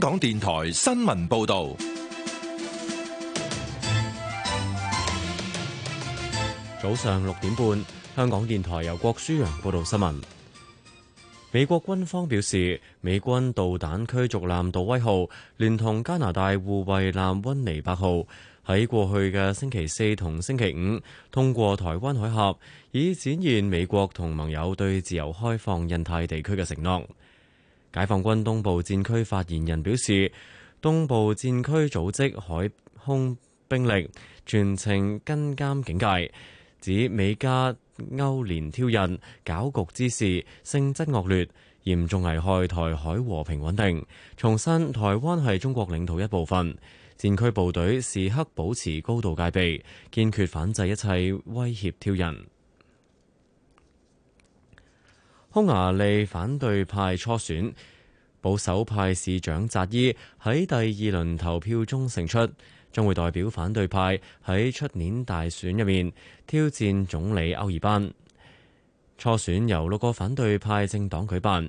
香港電台新聞報道，早上六點半，香港電台由郭書陽報道新聞。美國軍方表示，美軍導彈驅逐艦杜威號，連同加拿大護衛艦溫尼伯號，喺過去嘅星期四同星期五，通過台灣海峽，以展現美國同盟友對自由開放印太地區嘅承諾。解放軍東部戰區發言人表示，東部戰區組織海空兵力全程跟監警戒，指美加歐聯挑釁攪局之事性質惡劣，嚴重危害台海和平穩定。重申台灣係中國領土一部分，戰區部隊時刻保持高度戒備，堅決反制一切威脅挑釁。匈牙利反對派初選，保守派市長扎伊喺第二輪投票中勝出，將會代表反對派喺出年大選入面挑戰總理歐爾班。初選由六個反對派政黨舉辦，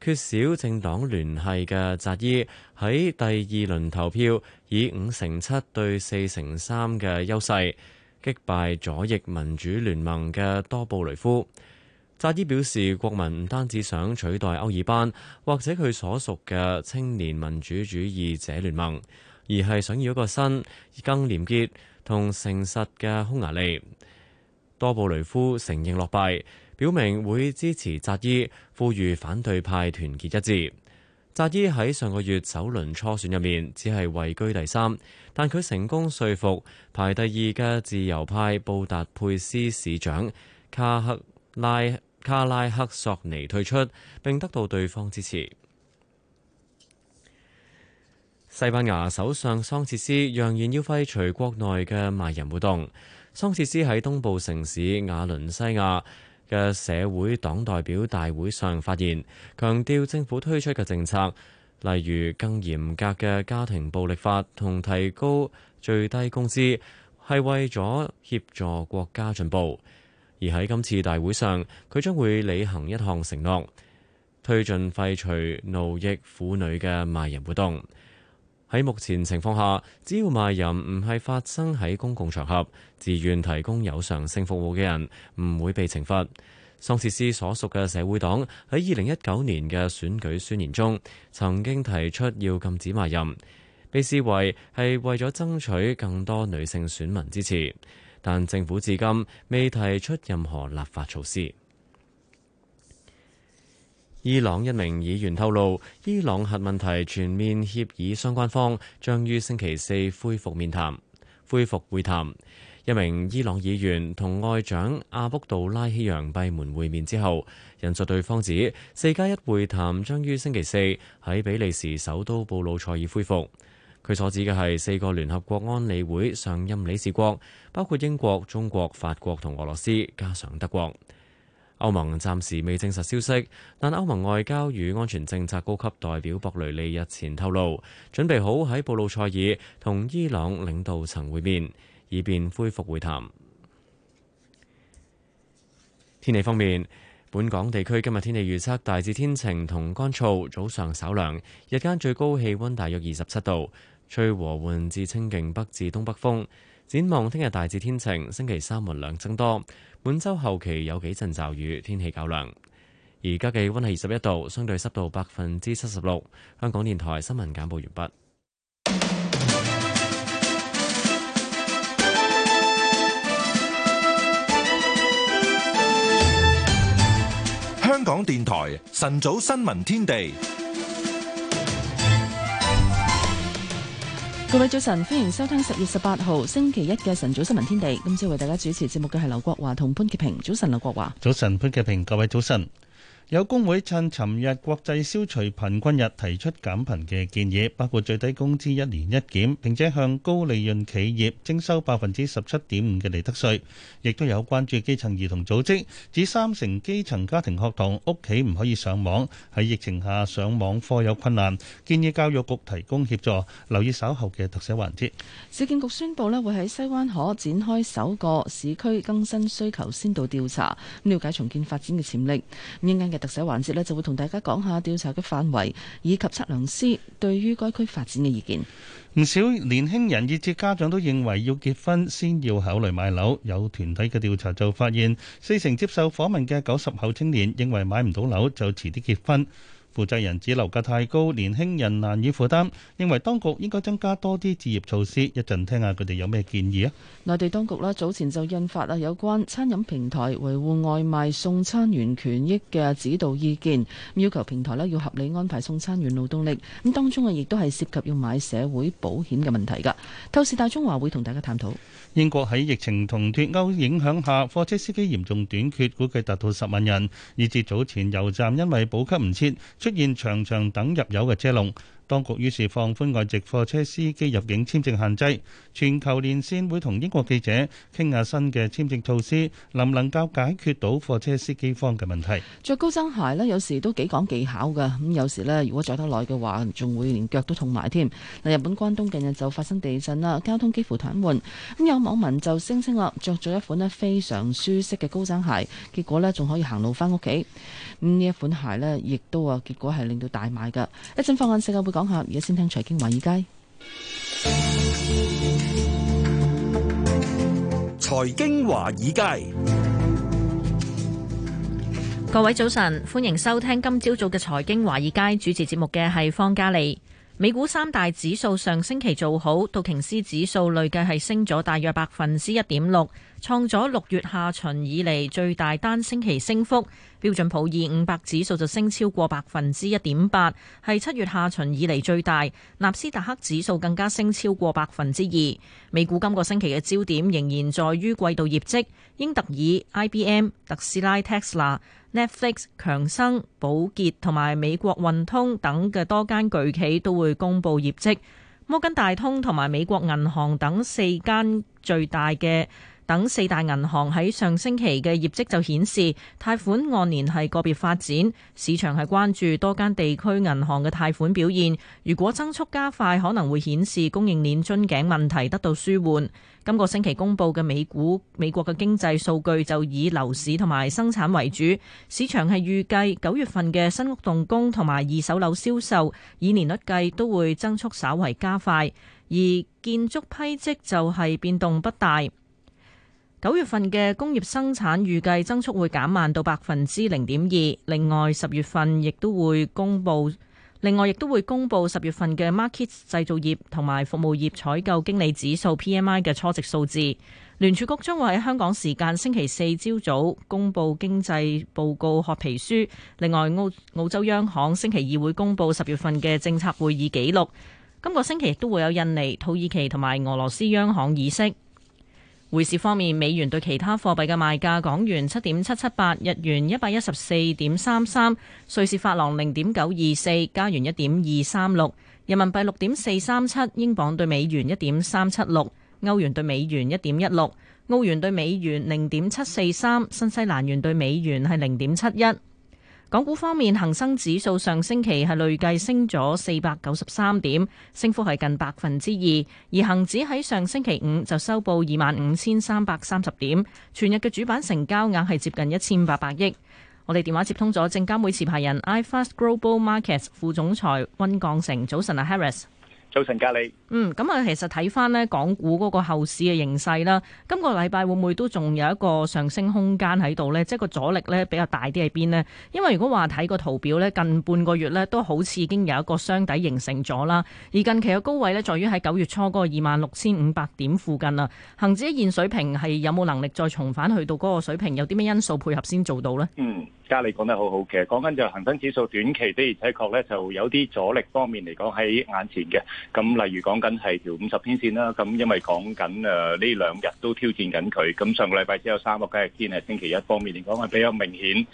缺少政黨聯繫嘅扎伊喺第二輪投票以五成七對四成三嘅優勢擊敗左翼民主聯盟嘅多布雷夫。扎伊表示，國民唔單止想取代歐爾班，或者佢所屬嘅青年民主主義者聯盟，而係想要一個新、更廉潔同誠實嘅匈牙利。多布雷夫承認落敗，表明會支持扎伊，呼籲反對派團結一致。扎伊喺上個月首輪初選入面只係位居第三，但佢成功說服排第二嘅自由派布達佩斯市長卡克拉。卡拉克索尼退出，並得到對方支持。西班牙首相桑切斯揚言要廢除國內嘅賣淫活動。桑切斯喺東部城市瓦倫西亞嘅社會黨代表大會上發言，強調政府推出嘅政策，例如更嚴格嘅家庭暴力法同提高最低工資，係為咗協助國家進步。而喺今次大會上，佢將會履行一項承諾，推進廢除奴役婦女嘅賣淫活動。喺目前情況下，只要賣淫唔係發生喺公共場合，自願提供有償性服務嘅人唔會被懲罰。桑切斯所屬嘅社會黨喺二零一九年嘅選舉宣言中，曾經提出要禁止賣淫，被視為係為咗爭取更多女性選民支持。但政府至今未提出任何立法措施。伊朗一名議員透露，伊朗核問題全面協議相關方將於星期四恢復面談、恢復會談。一名伊朗議員同外長阿卜杜拉希揚閉門會面之後引述對方指，四加一會談將於星期四喺比利時首都布魯塞爾恢復。佢所指嘅係四個聯合國安理會常任理事國，包括英國、中國、法國同俄羅斯，加上德國。歐盟暫時未證實消息，但歐盟外交與安全政策高級代表博雷利日前透露，準備好喺布魯塞爾同伊朗領導層會面，以便恢復會談。天氣方面，本港地區今日天氣預測大致天晴同乾燥，早上稍涼，日間最高氣溫大約二十七度。吹和緩至清勁，北至東北風。展望聽日大致天晴，星期三雲量增多。本周後期有幾陣驟雨，天氣較涼。而家嘅溫係二十一度，相對濕度百分之七十六。香港電台新聞簡報完畢。香港電台晨早新聞天地。各位早晨，歡迎收聽十月十八號星期一嘅晨早新聞天地。今次為大家主持節目嘅係劉國華同潘潔平。早晨，劉國華。早晨，潘潔平。各位早晨。有工會趁尋日國際消除貧困日提出減貧嘅建議，包括最低工資一年一檢，並且向高利潤企業徵收百分之十七點五嘅利得稅。亦都有關注基層兒童組織指三成基層家庭學童屋企唔可以上網，喺疫情下上網課有困難，建議教育局提供協助。留意稍後嘅特寫環節。市建局宣布咧會喺西灣河展開首個市區更新需求先導調查，瞭解重建發展嘅潛力。特首環節咧，就會同大家講下調查嘅範圍，以及測量師對於該區發展嘅意見。唔少年輕人以至家長都認為要結婚先要考慮買樓。有團體嘅調查就發現，四成接受訪問嘅九十後青年認為買唔到樓就遲啲結婚。負責人指樓價太高，年輕人難以負擔，認為當局應該增加多啲置業措施。一陣聽下佢哋有咩建議啊！內地當局呢早前就印發啊有關餐飲平台維護外賣送餐員權益嘅指導意見，要求平台呢要合理安排送餐員勞動力。咁當中啊亦都係涉及要買社會保險嘅問題噶。透視大中華會同大家探討。英國喺疫情同脫歐影響下，貨車司機嚴重短缺，估計達到十萬人，以至早前油站因為補給唔切，出現長長等入油嘅車龍。當局於是放寬外籍貨車司機入境簽證限制，全球連線會同英國記者傾下新嘅簽證措施，能唔能夠解決到貨車司機方嘅問題？着高踭鞋呢，有時都幾講技巧㗎。咁有時呢，如果着得耐嘅話，仲會連腳都痛埋添。嗱，日本關東近日就發生地震啦，交通幾乎癱瘓。咁有網民就聲稱話，着咗一款咧非常舒適嘅高踭鞋，結果呢，仲可以行路返屋企。咁呢一款鞋呢，亦都啊結果係令到大賣㗎。一陣放眼世界會講講下而家先聽財經華爾街。財經華爾街，爾街，各位早晨，歡迎收聽今朝早嘅財經華爾街，主持節目嘅係方嘉莉。美股三大指數上星期做好，道瓊斯指數累計係升咗大約百分之一點六，創咗六月下旬以嚟最大單星期升幅。標準普爾五百指數就升超過百分之一點八，係七月下旬以嚟最大。納斯達克指數更加升超過百分之二。美股今個星期嘅焦點仍然在於季度業績，英特爾、IBM、特斯拉、Tesla。Netflix、強生、寶潔同埋美國運通等嘅多間巨企都會公佈業績，摩根大通同埋美國銀行等四間最大嘅。等四大銀行喺上星期嘅業績就顯示貸款按年係個別發展，市場係關注多間地區銀行嘅貸款表現，如果增速加快，可能會顯示供應鏈樽頸問題得到舒緩，今個星期公布嘅美股美國嘅經濟數據就以樓市同埋生產為主，市場係預計九月份嘅新屋動工同埋二手樓銷售以年率計都會增速稍為加快，而建築批積就係變動不大。九月份嘅工業生產預計增速會減慢到百分之零點二。另外，十月份亦都會公布，另外亦都會公布十月份嘅 Markets 製造業同埋服務業採購經理指數 P M I 嘅初值數字。聯儲局將會喺香港時間星期四朝早公布經濟報告褐皮書。另外，澳澳洲央行星期二會公布十月份嘅政策會議記錄。今個星期亦都會有印尼、土耳其同埋俄羅斯央行議息。匯市方面，美元對其他貨幣嘅賣價：港元七點七七八，日元一百一十四點三三，瑞士法郎零點九二四，加元一點二三六，人民幣六點四三七，英鎊對美元一點三七六，歐元對美元一點一六，澳元對美元零點七四三，新西蘭元對美元係零點七一。港股方面，恒生指數上星期係累計升咗四百九十三點，升幅係近百分之二。而恒指喺上星期五就收報二萬五千三百三十點，全日嘅主板成交額係接近一千八百億。我哋電話接通咗證監會持牌人 iFast Global Markets 副總裁温降成，早晨啊，Harris，早晨，嘉莉。嗯，咁啊，其實睇翻呢港股嗰個後市嘅形勢啦，今個禮拜會唔會都仲有一個上升空間喺度呢？即係個阻力呢比較大啲喺邊呢？因為如果話睇個圖表呢，近半個月呢都好似已經有一個雙底形成咗啦，而近期嘅高位呢，在於喺九月初嗰個二萬六千五百點附近啦。恒指現水平係有冇能力再重返去到嗰個水平？有啲咩因素配合先做到呢？嗯，家利講得好好嘅，講緊就恒生指數短期的而且確呢就有啲阻力方面嚟講喺眼前嘅，咁例如講。緊係條五十天線啦，咁因為講緊誒呢兩日都挑戰緊佢，咁上個禮拜只有三個交易天係星期一，方面嚟講係比較明顯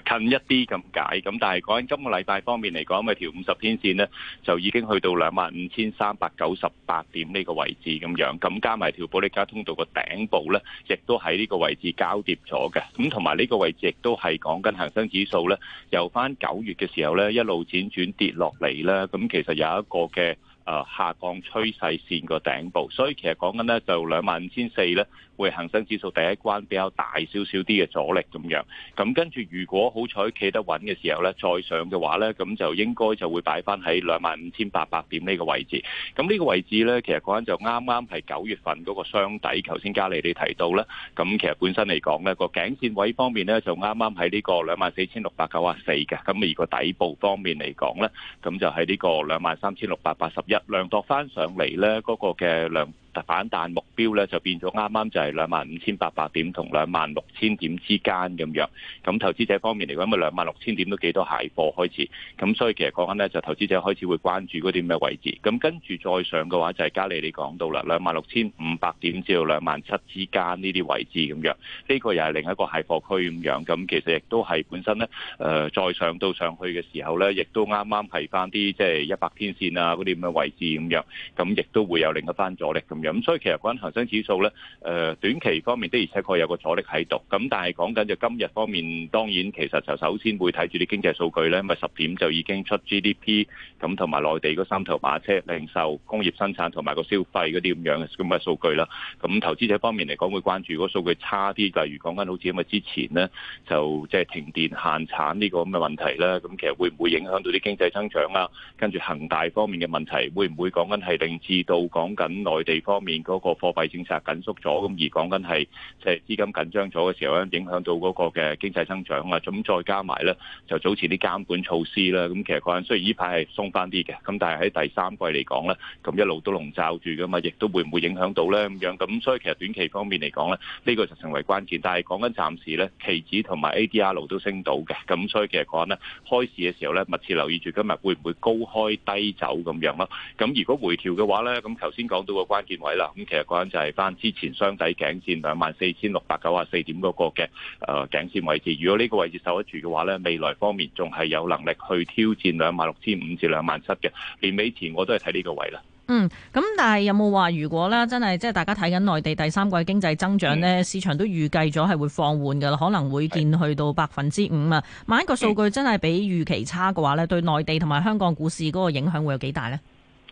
誒近一啲咁解。咁但係講緊今個禮拜方面嚟講，咪條五十天線呢就已經去到兩萬五千三百九十八點呢個位置咁樣，咁加埋條保利加通道個頂部呢，亦都喺呢個位置交疊咗嘅。咁同埋呢個位置亦都係講緊恒生指數呢，由翻九月嘅時候呢一路輾轉跌落嚟啦，咁其實有一個嘅。呃，下降趨勢線個頂部。所以其實講緊呢，就兩萬五千四呢。會恒生指數第一關比較大少少啲嘅阻力咁樣，咁跟住如果好彩企得穩嘅時候呢，再上嘅話呢，咁就應該就會擺翻喺兩萬五千八百點呢個位置。咁呢個位置呢，其實嗰陣就啱啱係九月份嗰個箱底，頭先加利你提到呢，咁其實本身嚟講呢，個頸線位方面呢，就啱啱喺呢個兩萬四千六百九啊四嘅。咁而個底部方面嚟講呢，咁就喺呢個兩萬三千六百八十一，量度翻上嚟，呢嗰、嗰個嘅量。反彈目標咧就變咗啱啱就係兩萬五千八百點同兩萬六千點之間咁樣，咁投資者方面嚟講咪兩萬六千點都幾多蟹貨開始，咁所以其實講緊咧就投資者開始會關注嗰啲咩位置，咁跟住再上嘅話就係加利你講到啦，兩萬六千五百點至到兩萬七之間呢啲位置咁樣，呢個又係另一個蟹貨區咁樣，咁其實亦都係本身咧，誒再上到上去嘅時候咧，亦都啱啱係返啲即係一百天線啊嗰啲咁嘅位置咁樣，咁亦都會有另一番阻力咁。咁所以其實講緊恒生指數咧，誒、呃、短期方面的而且確有個阻力喺度。咁但係講緊就今日方面，當然其實就首先會睇住啲經濟數據咧，咪十點就已經出 GDP，咁同埋內地嗰三頭馬車，零售、工業生產同埋個消費嗰啲咁樣咁嘅數據啦。咁投資者方面嚟講會關注嗰數據差啲，例如講緊好似咁啊之前呢，就即係停電限產呢個咁嘅問題啦。咁其實會唔會影響到啲經濟增長啊？跟住恒大方面嘅問題，會唔會講緊係令至到講緊內地方？方面嗰個貨幣政策緊縮咗，咁而講緊係即係資金緊張咗嘅時候咧，影響到嗰個嘅經濟增長啊。咁再加埋咧，就早前啲監管措施啦。咁其實講緊雖然依排係鬆翻啲嘅，咁但係喺第三季嚟講咧，咁一路都籠罩住噶嘛，亦都會唔會影響到咧咁樣？咁所以其實短期方面嚟講咧，呢個就成為關鍵。但係講緊暫時咧，期指同埋 ADR 都升到嘅，咁所以其實講緊咧，開市嘅時候咧，密切留意住今日會唔會高開低走咁樣咯。咁如果回調嘅話咧，咁頭先講到個關鍵位啦，咁其實講緊就係翻之前雙底頸線兩萬四千六百九十四點嗰個嘅誒頸線位置。如果呢個位置守得住嘅話呢，未來方面仲係有能力去挑戰兩萬六千五至兩萬七嘅年尾前，我都係睇呢個位啦。嗯，咁但係有冇話如果咧真係即係大家睇緊內地第三季經濟增長呢，嗯，市場都預計咗係會放緩噶啦，可能會見去到百分之五啊。萬一個數據真係比預期差嘅話呢，對內地同埋香港股市嗰個影響會有幾大呢？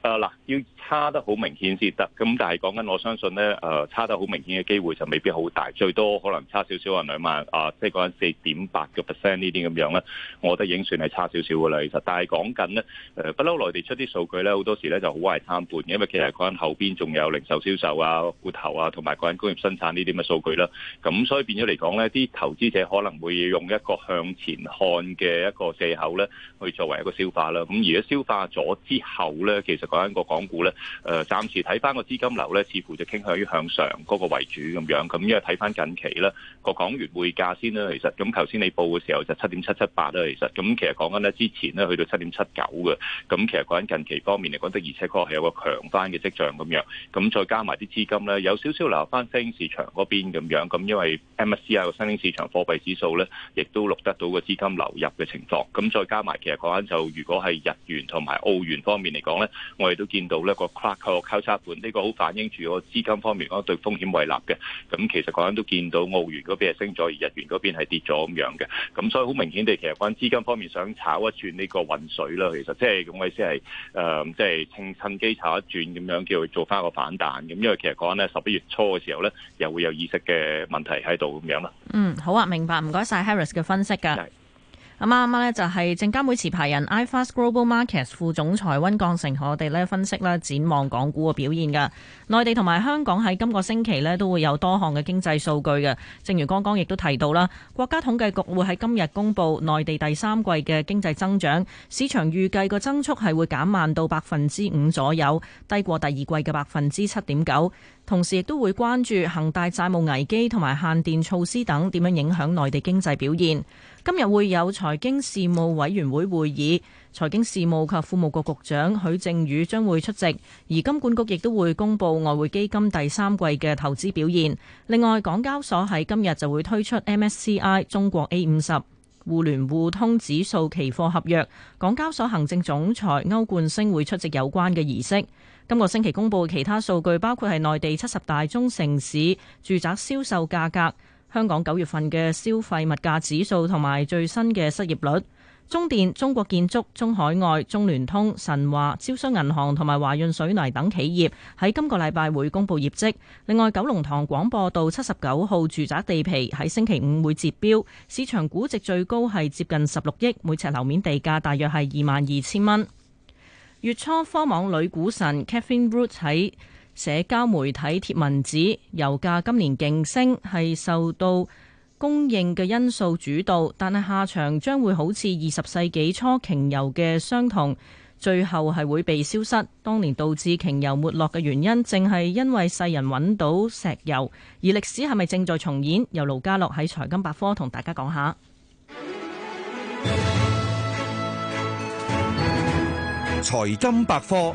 啊嗱，要差得好明顯先得，咁但係講緊，我相信咧，誒差得好明顯嘅機會就未必好大，最多可能差少少啊兩萬啊，即係講緊四點八個 percent 呢啲咁樣啦，我覺得已經算係差少少嘅啦。其實，但係講緊咧，誒不嬲內地出啲數據咧，好多時咧就好壞參半嘅，因為其實講緊後邊仲有零售銷售啊、股頭啊同埋個人工業生產呢啲咁嘅數據啦。咁所以變咗嚟講咧，啲投資者可能會用一個向前看嘅一個借口咧，去作為一個消化啦。咁而家消化咗之後咧，其實講緊個港股咧，誒暫時睇翻個資金流咧，似乎就傾向於向上嗰個為主咁樣。咁因為睇翻近期咧個港元匯價先啦，其實咁頭先你報嘅時候就七點七七八啦，其實咁其實講緊咧之前咧去到七點七九嘅，咁其實講緊近期方面嚟講，的而且確係有個強翻嘅跡象咁樣。咁再加埋啲資金咧，有少少流入翻新興市場嗰邊咁樣。咁因為 MSC 啊個新興市場貨幣指數咧，亦都錄得到個資金流入嘅情況。咁再加埋其實講緊就如果係日元同埋澳元方面嚟講咧。我哋都見到咧、呢個 Clark 個交叉盤，呢、呢個好反映住個資金方面講對風險胃納嘅。咁其實講緊都見到澳元嗰邊係升咗，而日元嗰邊係跌咗咁樣嘅。咁所以好明顯地，其實講緊資金方面想炒一轉呢個混水啦。其實即係咁我意思係誒，即係趁趁機炒一轉咁樣叫做返個反彈。咁因為其實講緊咧十一月初嘅時候咧，又會有意識嘅問題喺度咁樣啦。嗯，好啊，明白。唔該晒 Harris 嘅分析㗎。咁啱啱呢就係證監會持牌人 iFast Global Markets 副總裁温鋼成，同我哋呢分析咧展望港股嘅表現㗎。內地同埋香港喺今個星期呢都會有多項嘅經濟數據嘅。正如剛剛亦都提到啦，國家統計局會喺今日公布內地第三季嘅經濟增長，市場預計個增速係會減慢到百分之五左右，低過第二季嘅百分之七點九。同時亦都會關注恒大債務危機同埋限電措施等點樣影響內地經濟表現。今日會有財經事務委員會會議，財經事務及庫務局局局長許正宇將會出席，而金管局亦都會公布外匯基金第三季嘅投資表現。另外，港交所喺今日就會推出 MSCI 中國 A 五十互聯互通指數期貨合約，港交所行政總裁歐冠星會出席有關嘅儀式。今個星期公布其他數據，包括係內地七十大中城市住宅銷售價格、香港九月份嘅消費物價指數同埋最新嘅失業率。中電、中國建築、中海外、中聯通、神華、招商銀行同埋華潤水泥等企業喺今個禮拜會公布業績。另外，九龍塘廣播道七十九號住宅地皮喺星期五會截標，市場估值最高係接近十六億，每尺樓面地價大約係二萬二千蚊。月初，科網女股神 Catherine Root 喺社交媒體貼文指，油價今年勁升係受到供應嘅因素主導，但係下場將會好似二十世紀初鯨油嘅相同，最後係會被消失。當年導致鯨油沒落嘅原因，正係因為世人揾到石油，而歷史係咪正在重演？由盧家樂喺財金百科同大家講下。財經百科。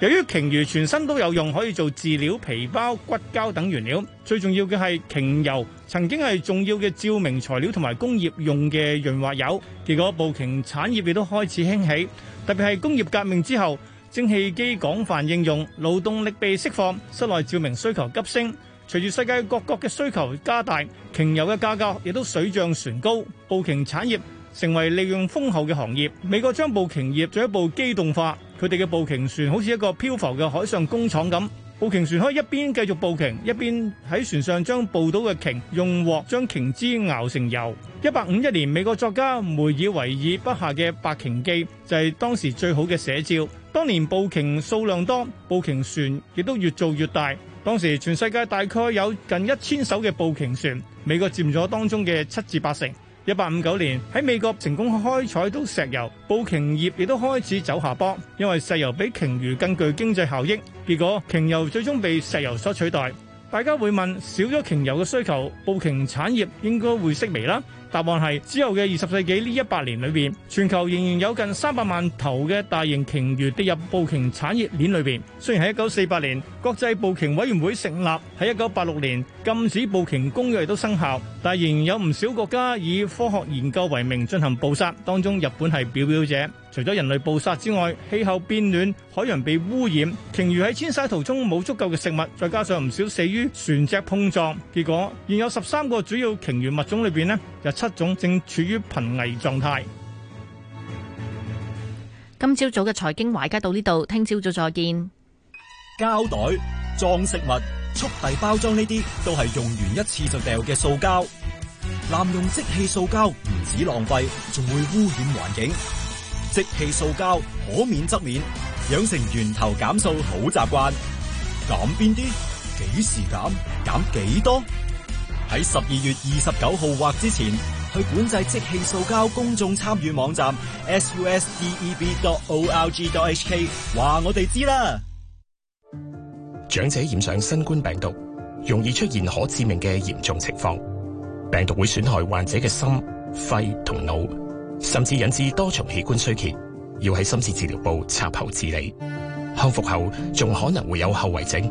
由於鯨魚全身都有用，可以做飼料、皮包、骨膠等原料，最重要嘅係鯨油，曾經係重要嘅照明材料同埋工業用嘅潤滑油。結果，捕鯨產業亦都開始興起，特別係工業革命之後，蒸汽機廣泛應用，勞動力被釋放，室內照明需求急升。隨住世界各國嘅需求加大，鯨油嘅價格亦都水漲船高，捕鯨產業，成為利潤豐厚嘅行業。美國將捕鯨業做一部機動化，佢哋嘅捕鯨船好似一個漂浮嘅海上工廠咁。捕鯨船可以一邊繼續捕鯨，一邊喺船上將捕到嘅鯨用鑊將鯨脂熬成油。一八五一年美國作家梅爾維爾筆下嘅《白鯨記》就係當時最好嘅寫照。當年捕鯨數量多，捕鯨船亦都越做越大。當時全世界大概有近一千艘嘅捕鯨船，美國佔咗當中嘅七至八成。一八五九年喺美國成功開採到石油，捕鯨業亦都開始走下坡，因為石油比鯨魚更具經濟效益。結果鯨油最終被石油所取代。大家會問，少咗鯨油嘅需求，捕鯨產業應該會式微啦？答案係之後嘅二十世紀呢一百年裏面，全球仍然有近三百萬頭嘅大型鯨魚跌入捕鯨產業鏈裏面。雖然喺一九四八年國際捕鯨委員會成立，喺一九八六年禁止捕鯨公約都生效，但仍然有唔少國家以科學研究為名進行捕殺，當中日本係表表者。除咗人類捕殺之外，氣候變暖、海洋被污染、鯨魚喺遷徙途中冇足夠嘅食物，再加上唔少死於船隻碰撞，結果現有十三個主要鯨魚物種裏面呢，有一種正處於瀕危狀態。今朝早嘅財經華爾街到呢度，聽朝早，早再見。膠袋裝食物、速遞包裝呢啲都係用完一次就掉嘅塑膠。濫用即棄塑膠唔止浪費，仲會污染環境。即棄塑膠可免則免，養成源頭減塑好習慣。減邊啲？幾時減？減幾多？喺十二月二十九號或之前。去管制即棄塑膠公眾參與網站 susteb.org.hk，話我哋知啦。長者染上新冠病毒，容易出現可致命嘅嚴重情況，病毒會損害患者嘅心、肺同腦，甚至引致多重器官衰竭，要喺深切治療部插喉治理。康復後仲可能會有後遺症。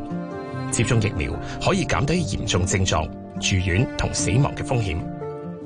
接種疫苗可以減低嚴重症狀、住院同死亡嘅風險。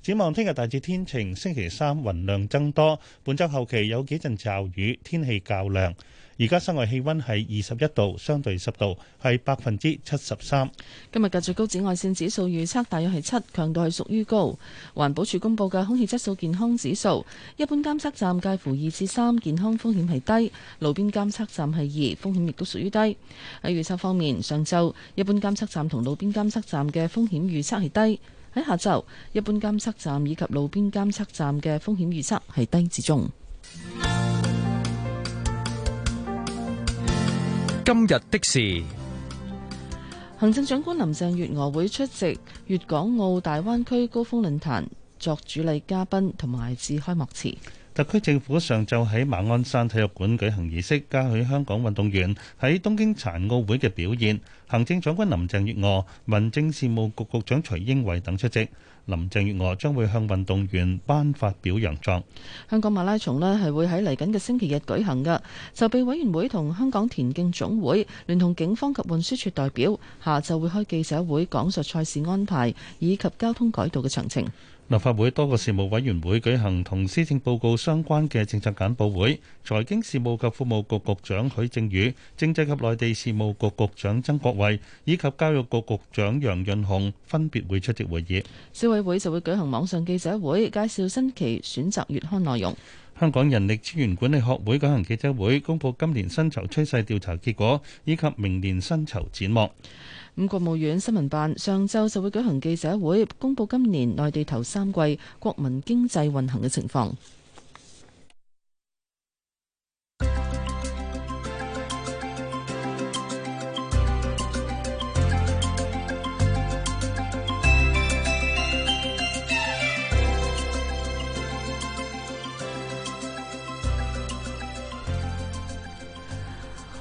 展望聽日大致天晴，星期三雲量增多。本周後期有幾陣驟雨，天氣較涼，而家室外氣温係二十一度，相對濕度係百分之七十三。今日嘅最高紫外線指數預測大約係七，強度係屬於高。環保署公布嘅空氣質素健康指數，一般監測站介乎二至三，健康風險係低；路邊監測站係二，風險亦都屬於低。喺預測方面，上晝一般監測站同路邊監測站嘅風險預測係低。喺下晝，一般監測站以及路邊監測站嘅風險預測係低至中。今日的事，行政長官林鄭月娥會出席粵港澳大灣區高峰論壇作主禮嘉賓同埋致開幕詞。特區政府上晝喺馬鞍山體育館舉行儀式，嘉許香港運動員喺東京殘奧會嘅表現。行政長官林鄭月娥、民政事務局局長徐英偉等出席。林鄭月娥將會向運動員頒發表揚狀。香港馬拉松呢係會喺嚟緊嘅星期日舉行㗎，籌備委員會同香港田徑總會聯同警方及運輸處代表，下晝會開記者會講述賽事安排以及交通改道嘅詳情。立法會多個事務委員會舉行同施政報告相關嘅政策簡報會，財經事務及庫務局局長許正宇、政制及內地事務局局長曾國衛以及教育局局長楊潤雄分別會出席會議。消委會就會舉行網上記者會，介紹新期選擇月刊內容。香港人力資源管理學會舉行記者會，公佈今年薪酬趨勢調查結果以及明年薪酬展望。五國務院新聞辦上晝就會舉行記者會，公布今年內地頭三季國民經濟運行嘅情況。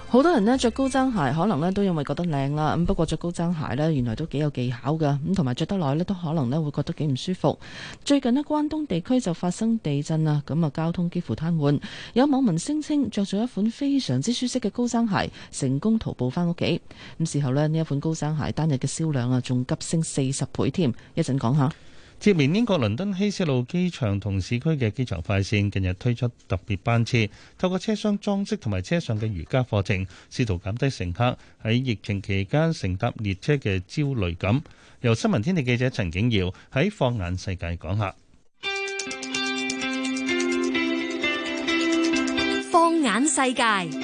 好多人呢着高踭鞋，可能呢都因為覺得靚啦。咁不過着高踭鞋呢，原來都幾有技巧噶。咁同埋着得耐呢，都可能呢會覺得幾唔舒服。最近呢關東地區就發生地震啦，咁啊交通幾乎癱瘓。有網民聲稱着咗一款非常之舒適嘅高踭鞋，成功徒步翻屋企。咁事後呢呢一款高踭鞋單日嘅銷量啊，仲急升四十倍添。一陣講下。接連，英國倫敦希斯路機場同市區嘅機場快綫近日推出特別班次，透過車廂裝飾同埋車上嘅瑜伽課程，試圖減低乘客喺疫情期間乘搭列車嘅焦慮感。由新聞天地記者陳景堯喺放眼世界講下。放眼世界，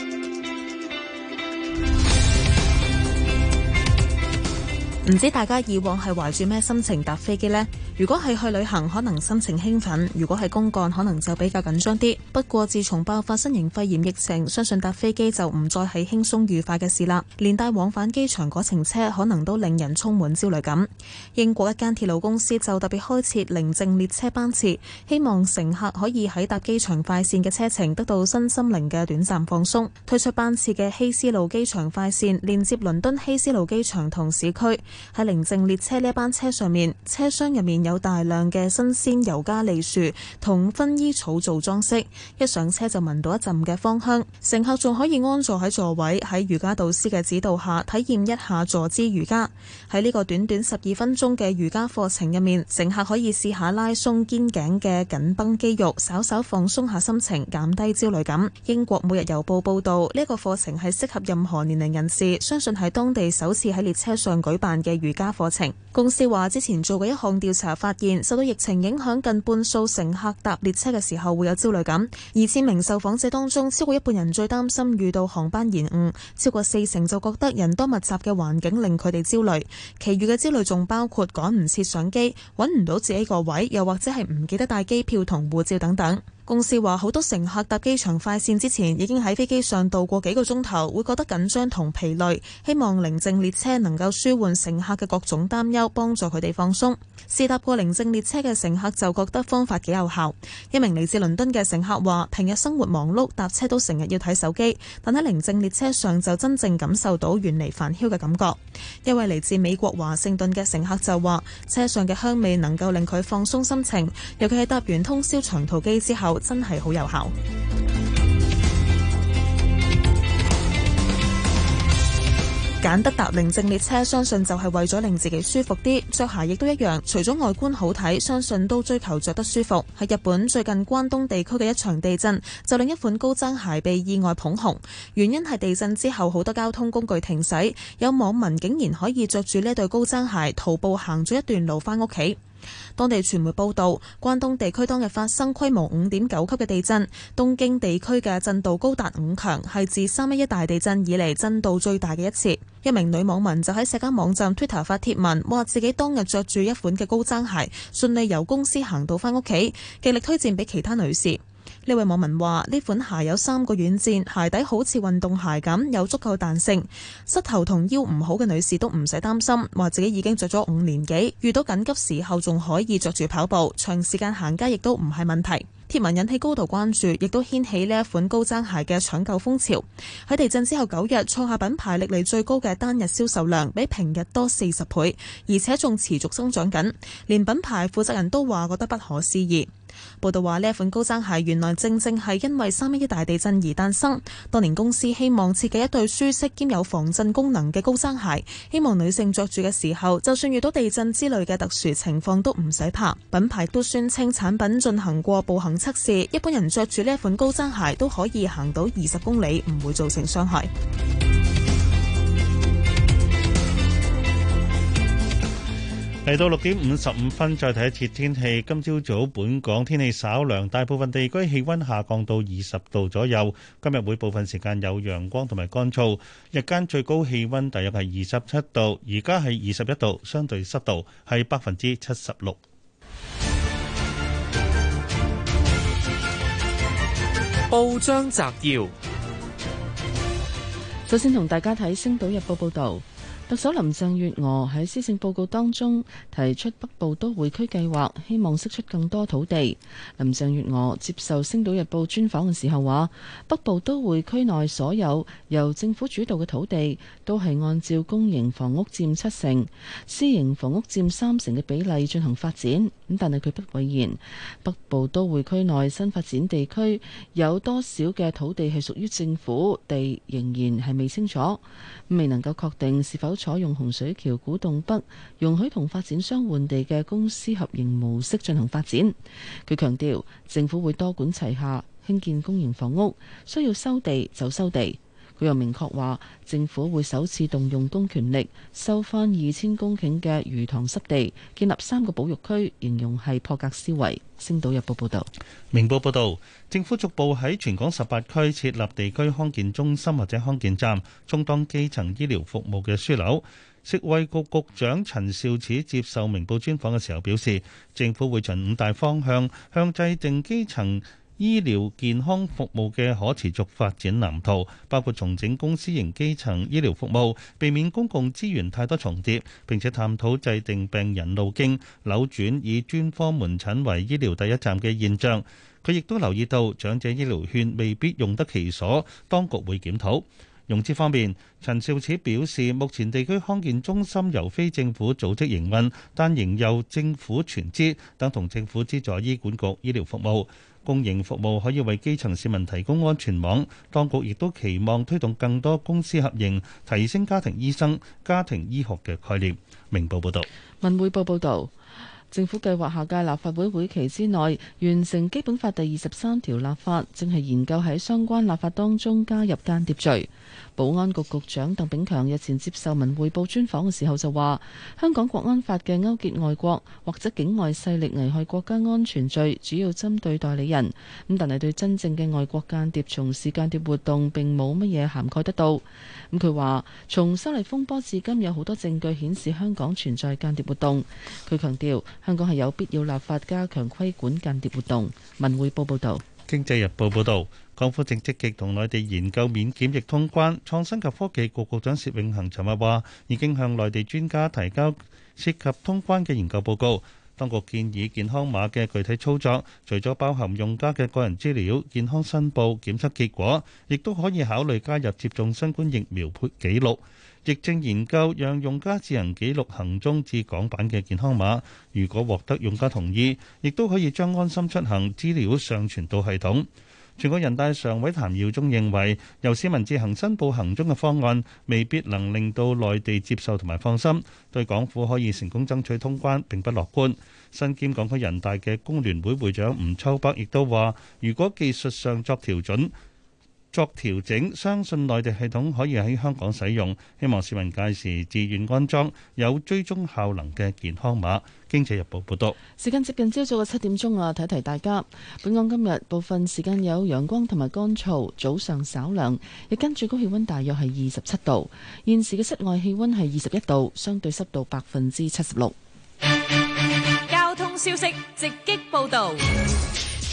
唔知大家以往係懷住咩心情搭飛機呢？如果係去旅行，可能心情興奮，如果係公幹可能就比較緊張啲。不過自從爆發新型肺炎疫情，相信搭飛機就唔再係輕鬆愉快嘅事啦。連帶往返機場嗰程車可能都令人充滿焦慮感。英國一間鐵路公司就特別開設寧靜列車班次，希望乘客可以喺搭機場快線嘅車程得到身心靈嘅短暫放鬆，推出班次嘅希斯路機場快線連接倫敦希斯路機場同市區，喺寧靜列車呢一班車上面，車廂入面。有大量嘅新鮮油加利樹同薰衣草做裝飾，一上車就聞到一陣嘅芳香。乘客仲可以安坐喺座位，喺瑜伽導師嘅指導下體驗一下坐姿瑜伽。喺呢個短短十二分鐘嘅瑜伽課程入面，乘客可以試下拉鬆肩頸嘅緊繃肌肉，稍稍放鬆下心情，減低焦慮感。英國每日郵報報道，呢個課程係適合任何年齡人士，相信係當地首次喺列車上舉辦嘅瑜伽課程。公司話之前做過一項調查。發現受到疫情影響，近半數乘客搭列車嘅時候會有焦慮感。二千名受訪者當中，超過一半人最擔心遇到航班延誤，超過四成就覺得人多密集嘅環境令佢哋焦慮。其餘嘅焦慮仲包括趕唔切上機、揾唔到自己個位，又或者係唔記得帶機票同護照等等。公司話：好多乘客搭機場快線之前已經喺飛機上度過幾個鐘頭，會覺得緊張同疲累。希望寧靜列車能夠舒緩乘，乘客嘅各種擔憂，幫助佢哋放鬆。試搭過寧靜列車嘅乘客就覺得方法幾有效。一名嚟自倫敦嘅乘客話：平日生活忙碌，搭車都成日要睇手機，但喺寧靜列車上就真正感受到遠離煩囂嘅感覺。一位嚟自美國華盛頓嘅乘客就話：車上嘅香味能夠令佢放鬆心情，尤其係搭完通宵長途機之後。真係好有效。簡德達寧靜列車，相信就係為咗令自己舒服啲。着鞋亦都一樣，除咗外觀好睇，相信都追求着得舒服。喺日本最近關東地區嘅一場地震，就令一款高踭鞋被意外捧紅。原因係地震之後好多交通工具停駛，有網民竟然可以着住呢對高踭鞋徒步行咗一段路返屋企。當地傳媒報道，關東地區當日發生規模5.9級嘅地震，東京地區嘅震度高達五強，係自三一一大地震以嚟震度最大嘅一次。一名女網民就喺社交網站 Twitter 發帖文，話自己當日着住一款嘅高踭鞋，順利由公司行到翻屋企，極力推薦俾其他女士。呢位網民話：呢款鞋有三個軟墊，鞋底好似運動鞋咁，有足夠彈性。膝頭同腰唔好嘅女士都唔使擔心。話自己已經着咗五年幾，遇到緊急時候仲可以着住跑步，長時間行街亦都唔係問題。貼文引起高度關注，亦都掀起呢一款高踭鞋嘅搶購風潮。喺地震之後九日，創下品牌歷嚟最高嘅單日銷售量，比平日多四十倍，而且仲持續增長緊。連品牌負責人都話覺得不可思議。報道話呢一款高踭鞋原來正正係因為三一一大地震而誕生。當年公司希望設計一對舒適兼有防震功能嘅高踭鞋，希望女性着住嘅時候，就算遇到地震之類嘅特殊情況都唔使怕。品牌都宣稱產品進行過步行測試，一般人着住呢一款高踭鞋都可以行到二十公里，唔會造成傷害。嚟到六點五十五分，再睇一次天氣。今朝早，早本港天氣稍涼，大部分地區氣溫下降到二十度左右。今日會部分時間有陽光同埋乾燥，日間最高氣溫大約係二十七度，而家係二十一度，相對濕度係百分之七十六。報章摘要：首先同大家睇《星島日報》報道。特首林鄭月娥喺施政報告當中提出北部都會區計劃，希望釋出更多土地。林鄭月娥接受《星島日報》專訪嘅時候話，北部都會區內所有由政府主導嘅土地，都係按照公營房屋佔七成、私營房屋佔三成嘅比例進行發展。咁但係佢不諱言，北部都會區內新發展地區有多少嘅土地係屬於政府地，仍然係未清楚，未能夠確定是否採用洪水橋、古洞北容許同發展商換地嘅公司合營模式進行發展。佢強調，政府會多管齊下，興建公營房屋，需要收地就收地。佢又明確話，政府會首次動用公權力收翻二千公頃嘅魚塘濕地，建立三個保育區，形容係破格思維。《星島日報》報道。《明報》報道，政府逐步喺全港十八區設立地區康健中心或者康健站，充當基層醫療服務嘅樞紐。食衛局局長陳肇始接受《明報》專訪嘅時候表示，政府會循五大方向向制定基層。醫療健康服務嘅可持續發展藍圖，包括重整公私營基層醫療服務，避免公共資源太多重疊，並且探討制定病人路徑，扭轉以專科門診為醫療第一站嘅現象。佢亦都留意到長者醫療券未必用得其所，當局會檢討。融資方面，陳肇始表示，目前地區康健中心由非政府組織營運，但仍有政府全資，等同政府資助醫管局醫療服務。公營服務可以為基層市民提供安全網，當局亦都期望推動更多公私合營，提升家庭醫生、家庭醫學嘅概念。明報報道。文匯報報道，政府計劃下屆立法會會期之內完成基本法第二十三條立法，正係研究喺相關立法當中加入間諜罪。保安局局長鄧炳強日前接受《文匯報》專訪嘅時候就話，香港國安法嘅勾結外國或者境外勢力危害國家安全罪，主要針對代理人，咁但係對真正嘅外國間諜從事間諜活動，並冇乜嘢涵蓋得到。咁佢話，從修例風波至今，有好多證據顯示香港存在間諜活動。佢強調，香港係有必要立法加強規管間諜活動。《文匯報》報道。經濟日報報導，港府正積極同內地研究免檢疫通關。創新及科技局局長薛永恒尋日話，已經向內地專家提交涉及通關嘅研究報告。當局建議健康碼嘅具體操作，除咗包含用家嘅個人資料、健康申報、檢測結果，亦都可以考慮加入接種新冠疫苗記錄。亦正研究讓用家自行記錄行蹤至港版嘅健康碼，如果獲得用家同意，亦都可以將安心出行資料上傳到系統。全國人大常委譚耀宗認為，由市民自行申報行蹤嘅方案，未必能令到內地接受同埋放心，對港府可以成功爭取通關並不樂觀。身兼港區人大嘅工聯會會長吳秋北亦都話，如果技術上作調準。作調整，相信內地系統可以喺香港使用。希望市民屆時自願安裝有追蹤效能嘅健康碼。經濟日報報道。時間接近朝早嘅七點鐘啊，提提大家。本港今日部分時間有陽光同埋乾燥，早上稍涼，日間最高氣温大約係二十七度。現時嘅室外氣温係二十一度，相對濕度百分之七十六。交通消息直擊報導。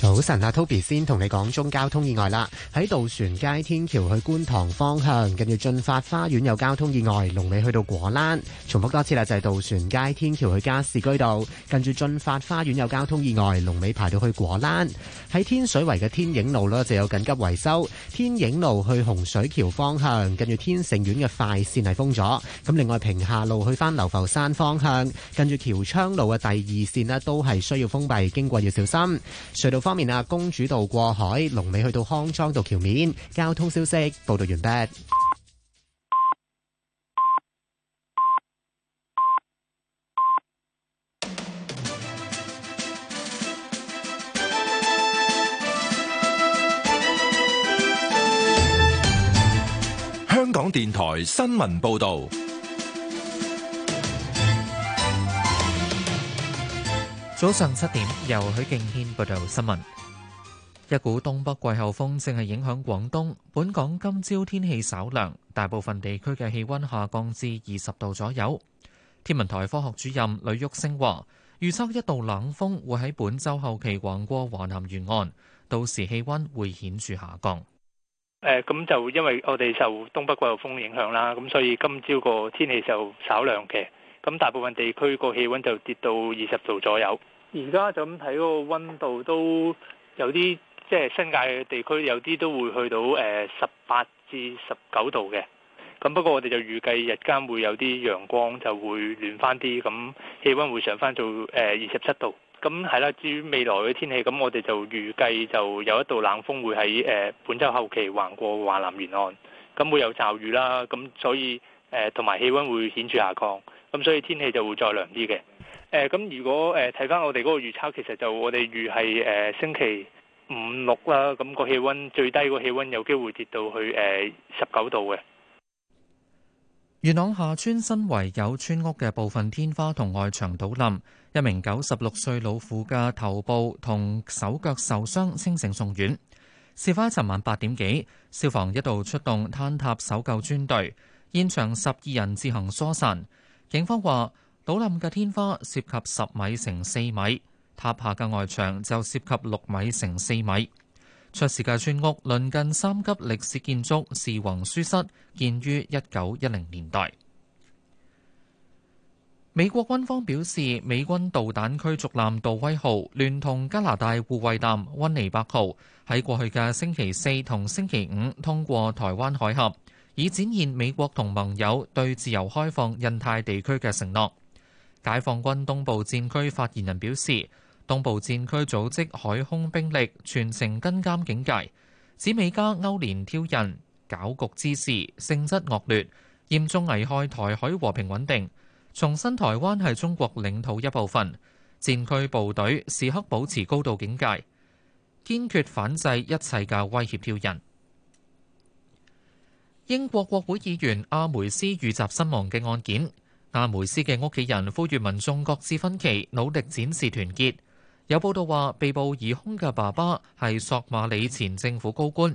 早晨啊，Toby 先同你講中交通意外啦。喺渡船街天橋去觀塘方向，近住駿發花園有交通意外，龍尾去到果欄。重複多次啦，就係渡船街天橋去加士居道，近住駿發花園有交通意外，龍尾排到去果欄。喺天水圍嘅天影路咧就有緊急維修，天影路去洪水橋方向，近住天盛苑嘅快綫係封咗。咁另外平下路去翻流浮山方向，近住橋昌路嘅第二綫呢，都係需要封閉，經過要小心隧道，方面啊，公主道過海，龍尾去到康莊道橋面。交通消息報道完畢。香港電台新聞報道。早上七點，由許敬軒報道新聞。一股東北季候風正係影響廣東，本港今朝天氣稍涼，大部分地區嘅氣溫下降至二十度左右。天文台科學主任呂旭升話，預測一道冷鋒會喺本周後期橫過華南沿岸，到時氣溫會顯著下降。誒，咁就因為我哋受東北季候風影響啦，咁所以今朝個天氣就稍涼嘅，咁大部分地區個氣溫就跌到二十度左右。而家就咁睇嗰個温度都有啲，即係新界地區有啲都會去到誒十八至十九度嘅。咁不過我哋就預計日間會有啲陽光，就會暖翻啲，咁氣温會上翻到誒二十七度。咁係啦，至於未來嘅天氣，咁我哋就預計就有一道冷風會喺誒本周後期橫過華南沿岸，咁會有驟雨啦。咁所以誒同埋氣温會顯著下降，咁所以天氣就會再涼啲嘅。誒咁如果誒睇翻我哋嗰個預測，其實就我哋預係誒星期五六啦，咁個氣温最低個氣温有機會跌到去誒十九度嘅。元朗下村新圍有村屋嘅部分天花同外牆倒冧，一名九十六歲老婦嘅頭部同手腳受傷，清醒送院。事發尋晚八點幾，消防一度出動坍塌搜救專隊，現場十二人自行疏散。警方話。倒冧嘅天花涉及十米乘四米，塔下嘅外牆就涉及六米乘四米。出事嘅村屋鄰近三級歷史建築士宏書室，建於一九一零年代。美國軍方表示，美軍導彈驅逐艦杜威號聯同加拿大護衛艦溫尼伯號喺過去嘅星期四同星期五通過台灣海峽，以展現美國同盟友對自由開放印太地區嘅承諾。解放軍東部戰區發言人表示，東部戰區組織海空兵力，全程跟監警戒，指美加歐聯挑釁攪局之事，性質惡劣，嚴重危害台海和平穩定。重申台灣係中國領土一部分，戰區部隊時刻保持高度警戒，堅決反制一切嘅威脅挑釁。英國國會議員阿梅斯遇襲身亡嘅案件。阿梅斯嘅屋企人呼籲民眾擱置分歧，努力展示團結。有報道話，被捕疑凶嘅爸爸係索馬里前政府高官。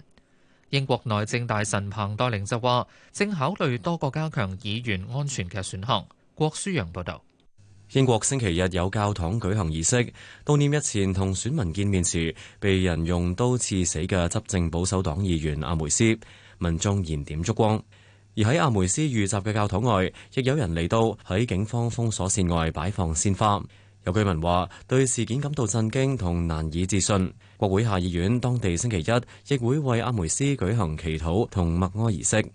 英國內政大臣彭黛玲就話，正考慮多個加強議員安全嘅選項。郭舒揚報道：英國星期日有教堂舉行儀式，悼念日前同選民見面時被人用刀刺死嘅執政保守黨議員阿梅斯。民眾燃點燭光。而喺阿梅斯遇襲嘅教堂外，亦有人嚟到喺警方封鎖線外擺放鮮花。有居民話對事件感到震驚同難以置信。國會下議院當地星期一亦會為阿梅斯舉行祈禱同默哀儀式。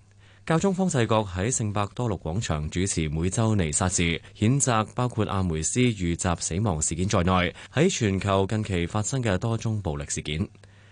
教宗方濟各喺聖伯多祿廣場主持每周彌撒時譴責包括阿梅斯遇襲死亡事件在內喺全球近期發生嘅多宗暴力事件。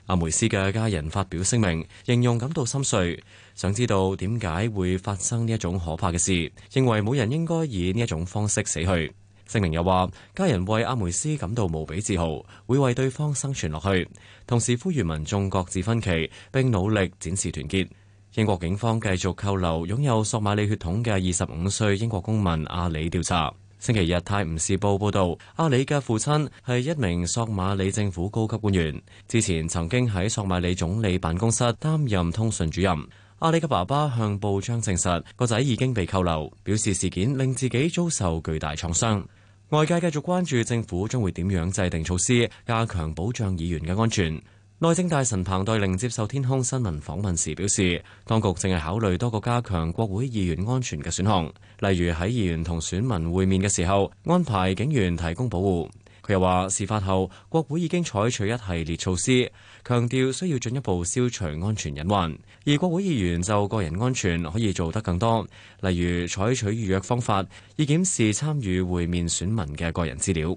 阿梅斯嘅家人發表聲明，形容感到心碎。想知道點解會發生呢一種可怕嘅事，認為冇人應該以呢一種方式死去。聲明又話，家人為阿梅斯感到無比自豪，會為對方生存落去。同時呼籲民眾各自分歧並努力展示團結。英國警方繼續扣留擁有索馬里血統嘅二十五歲英國公民阿里調查。調查星期日，《泰晤士報》報導，阿里嘅父親係一名索馬里政府高級官員，之前曾經喺索馬里總理辦公室擔任通訊主任。阿里嘅爸爸向報章證實個仔已經被扣留，表示事件令自己遭受巨大創傷。外界繼續關注政府將會點樣制定措施，加強保障議員嘅安全。內政大臣彭黛玲接受天空新聞訪問時表示，當局正係考慮多個加強國會議員安全嘅選項，例如喺議員同選民會面嘅時候安排警員提供保護。佢又話，事發後國會已經採取一系列措施，強調需要進一步消除安全隱患。而國會議員就個人安全可以做得更多，例如採取預約方法，以檢視參與會面選民嘅個人資料。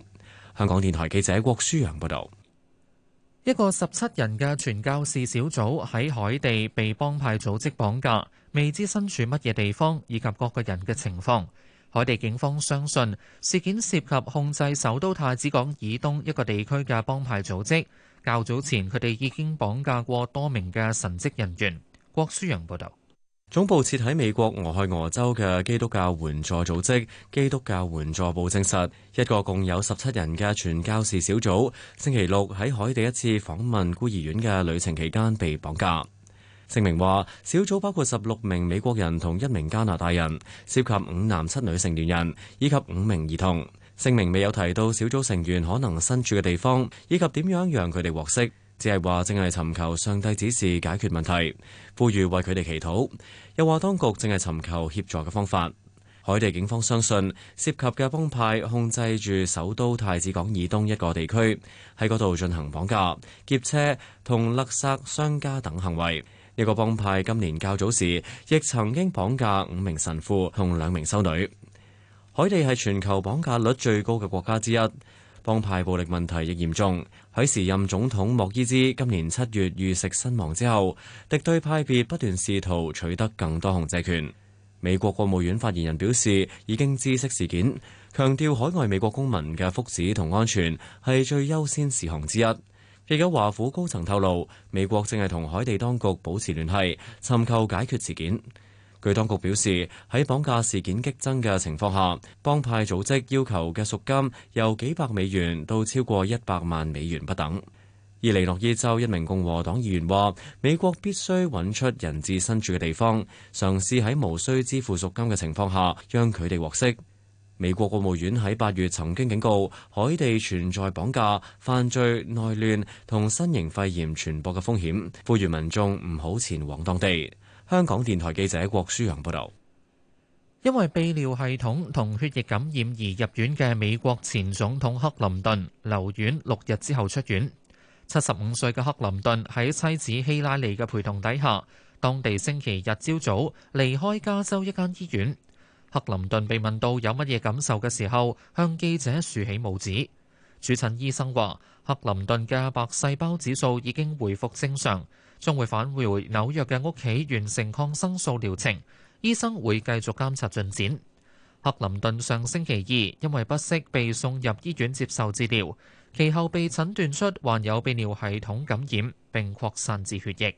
香港電台記者郭舒揚報導，一個十七人嘅傳教士小組喺海地被幫派組織綁架，未知身處乜嘢地方以及各個人嘅情況。海地警方相信事件涉及控制首都太子港以東一個地區嘅幫派組織。較早前佢哋已經綁架過多名嘅神職人員。郭舒陽報道，總部設喺美國俄亥俄州嘅基督教援助組織基督教援助部證實，一個共有十七人嘅傳教士小組，星期六喺海地一次訪問孤兒院嘅旅程期間被綁架。聲明話，小組包括十六名美國人同一名加拿大人，涉及五男七女成年人，以及五名兒童。聲明未有提到小組成員可能身處嘅地方，以及點樣讓佢哋獲釋。只係話正係尋求上帝指示解決問題，呼籲為佢哋祈禱，又話當局正係尋求協助嘅方法。海地警方相信涉及嘅幫派控制住首都太子港以東一個地區，喺嗰度進行綁架、劫車同勒殺商家等行為。呢個幫派今年較早時亦曾經綁架五名神父同兩名修女。海地係全球綁架率最高嘅國家之一，幫派暴力問題亦嚴重。喺時任總統莫伊茲今年七月遇刺身亡之後，敵對派別不斷試圖取得更多控制權。美國國務院發言人表示已經知悉事件，強調海外美國公民嘅福祉同安全係最優先事項之一。亦有華府高層透露，美國正係同海地當局保持聯繫，尋求解決事件。據當局表示，喺綁架事件激增嘅情況下，幫派組織要求嘅贖金由幾百美元到超過一百萬美元不等。伊利諾伊州一名共和黨議員話，美國必須揾出人質身處嘅地方，嘗試喺無需支付贖金嘅情況下，讓佢哋獲釋。美國國務院喺八月曾經警告，海地存在綁架、犯罪、內亂同新型肺炎傳播嘅風險，呼籲民眾唔好前往當地。香港電台記者郭舒揚報道，因為泌尿系統同血液感染而入院嘅美國前總統克林頓，留院六日之後出院。七十五歲嘅克林頓喺妻子希拉里嘅陪同底下，當地星期日朝早離開加州一間醫院。克林頓被問到有乜嘢感受嘅時候，向記者豎起拇指。主診醫生話，克林頓嘅白細胞指數已經回復正常。將會返回紐約嘅屋企完成抗生素療程，醫生會繼續監察進展。克林頓上星期二因為不適被送入醫院接受治療，其後被診斷出患有泌尿系統感染並擴散至血液。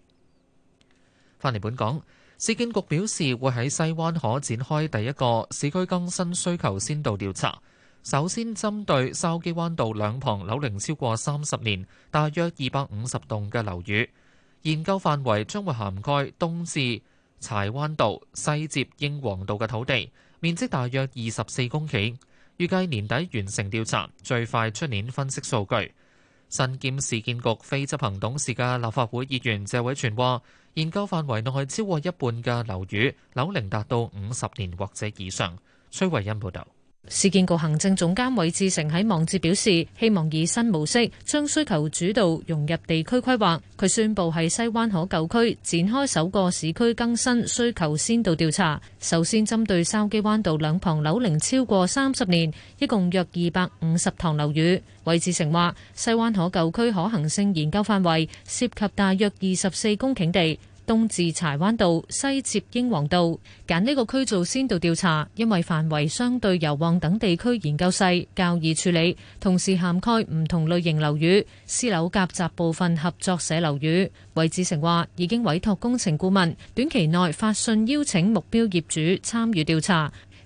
翻嚟本港，市建局表示會喺西灣河展開第一個市區更新需求先導調查，首先針對筲箕灣道兩旁樓齡超過三十年、大約二百五十棟嘅樓宇。研究範圍將會涵蓋東至柴灣道、西接英皇道嘅土地，面積大約二十四公頃。預計年底完成調查，最快出年分析數據。身兼市建局非執行董事嘅立法會議員謝偉全話：研究範圍內超過一半嘅樓宇樓齡達到五十年或者以上。崔慧恩報道。市建局行政總監韋志成喺網誌表示，希望以新模式將需求主導融入地區規劃。佢宣布喺西灣河舊區展開首個市區更新需求先導調查，首先針對筲箕灣道兩旁樓齡超過三十年，一共約二百五十堂樓宇。韋志成話，西灣河舊區可行性研究範圍涉及大約二十四公頃地。東至柴灣道，西接英皇道，揀呢個區做先導調查，因為範圍相對油旺等地區研究細，較易處理，同時涵蓋唔同類型樓宇、私樓夾雜部分合作社樓宇。韋志成話：已經委託工程顧問，短期內發信邀請目標業主參與調查。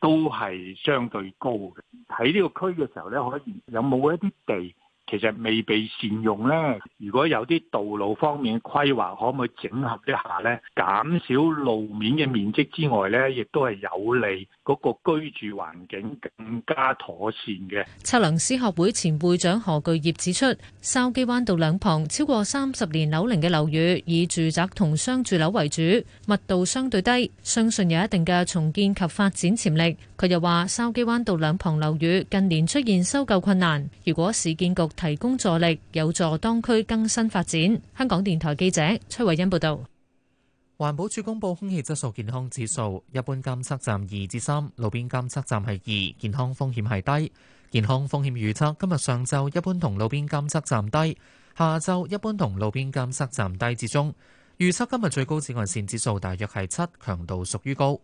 都係相對高嘅，喺呢個區嘅時候咧，可以有冇一啲地？其實未被善用呢，如果有啲道路方面規劃，可唔可以整合一下呢？減少路面嘅面積之外呢，亦都係有利嗰個居住環境更加妥善嘅。測量師學會前會長何巨業指出，筲箕灣道兩旁超過三十年樓齡嘅樓宇，以住宅同商住樓為主，密度相對低，相信有一定嘅重建及發展潛力。佢又話，筲箕灣道兩旁樓宇近年出現收購困難，如果市建局提供助力，有助當區更新發展。香港電台記者崔慧欣報道，環保署公布空氣質素健康指數，一般監測站二至三，路邊監測站係二，健康風險係低。健康風險預測今日上晝一般同路邊監測站低，下晝一般同路邊監測站低至中。預測今日最高紫外線指數大約係七，強度屬於高。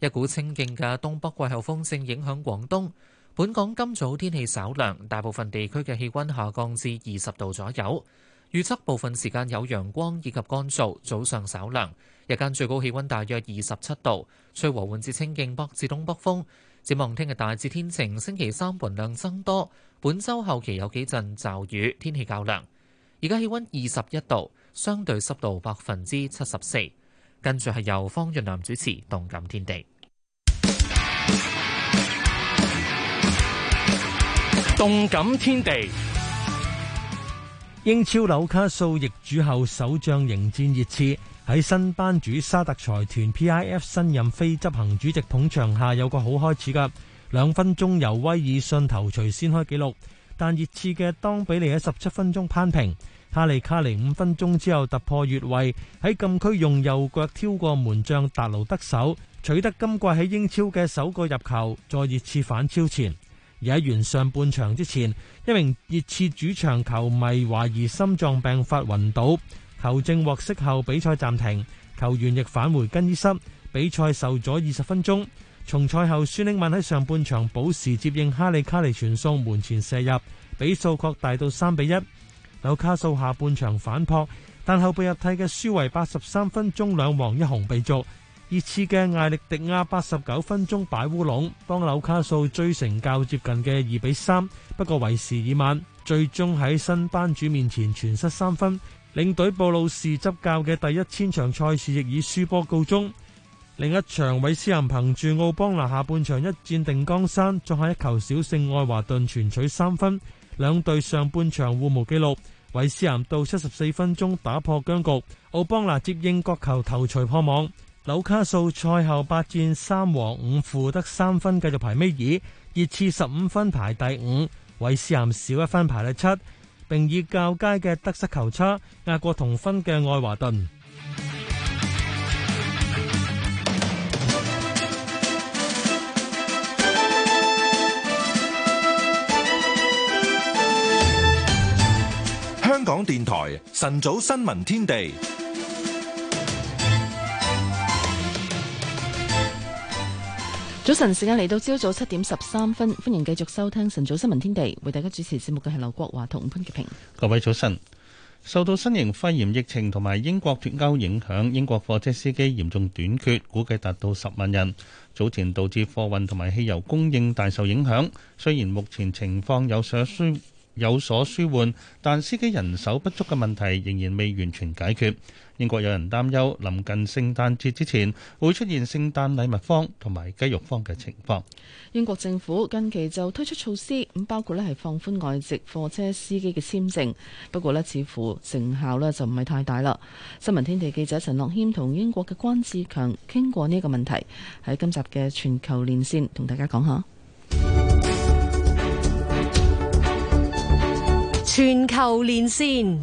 一股清勁嘅東北季候風正影響廣東。本港今早天氣稍涼，大部分地區嘅氣溫下降至二十度左右。預測部分時間有陽光以及乾燥，早上稍涼，日間最高氣溫大約二十七度，吹和緩至清勁北至東北風。展望聽日大致天晴，星期三雲量增多，本周後期有幾陣驟雨，天氣較涼。而家氣溫二十一度，相對濕度百分之七十四。跟住係由方潤南主持《動感天地》。動感天地，英超紐卡素易主後首仗迎戰熱刺。喺新班主沙特財團 P I F 新任非執行主席捧場下，有個好開始噶。兩分鐘由威爾遜頭槌先開紀錄，但熱刺嘅當比利喺十七分鐘攀平。哈利卡尼五分鐘之後突破越位，喺禁區用右腳挑過門將達盧得手，取得今季喺英超嘅首個入球。再熱刺反超前。而喺完上半場之前，一名熱切主場球迷懷疑心臟病發暈倒，球證獲悉後比賽暫停，球員亦返回更衣室，比賽受阻二十分鐘。重賽後，孫興敏喺上半場補時接應哈利卡尼傳送門前射入，比數擴大到三比一。紐卡素下半場反撲，但後備入替嘅舒維八十三分鐘兩黃一紅被逐。熱刺嘅艾力迪亞八十九分鐘擺烏龍，幫紐卡素追成較接近嘅二比三。不過為時已晚，最終喺新班主面前全失三分。領隊布魯士執教嘅第一千場賽事亦以輸波告終。另一場，韋斯咸憑住奧邦拿下半場一戰定江山，仲喺一球小勝愛華頓，全取三分。兩隊上半場互無紀錄，韋斯咸到七十四分鐘打破僵局，奧邦拿接應國球頭槌破網。紐卡素賽後八戰三和五負得三分，繼續排尾二；熱刺十五分排第五，韋斯咸少一分排第七，並以較佳嘅得失球差壓過同分嘅愛華頓。香港電台晨早新聞天地。早晨，時間嚟到朝早七點十三分，歡迎繼續收聽晨早新聞天地，為大家主持節目嘅係劉國華同潘潔平。各位早晨，受到新型肺炎疫情同埋英國脫歐影響，英國貨車司機嚴重短缺，估計達到十萬人，早前導致貨運同埋汽油供應大受影響。雖然目前情況有所舒。有所舒緩，但司機人手不足嘅問題仍然未完全解決。英國有人擔憂，臨近聖誕節之前會出現聖誕禮物荒同埋雞肉荒嘅情況。英國政府近期就推出措施，咁包括呢係放寬外籍貨車司機嘅簽證，不過呢似乎成效呢就唔係太大啦。新聞天地記者陳樂謙同英國嘅關志強傾過呢一個問題，喺今集嘅全球連線同大家講下。全球連線，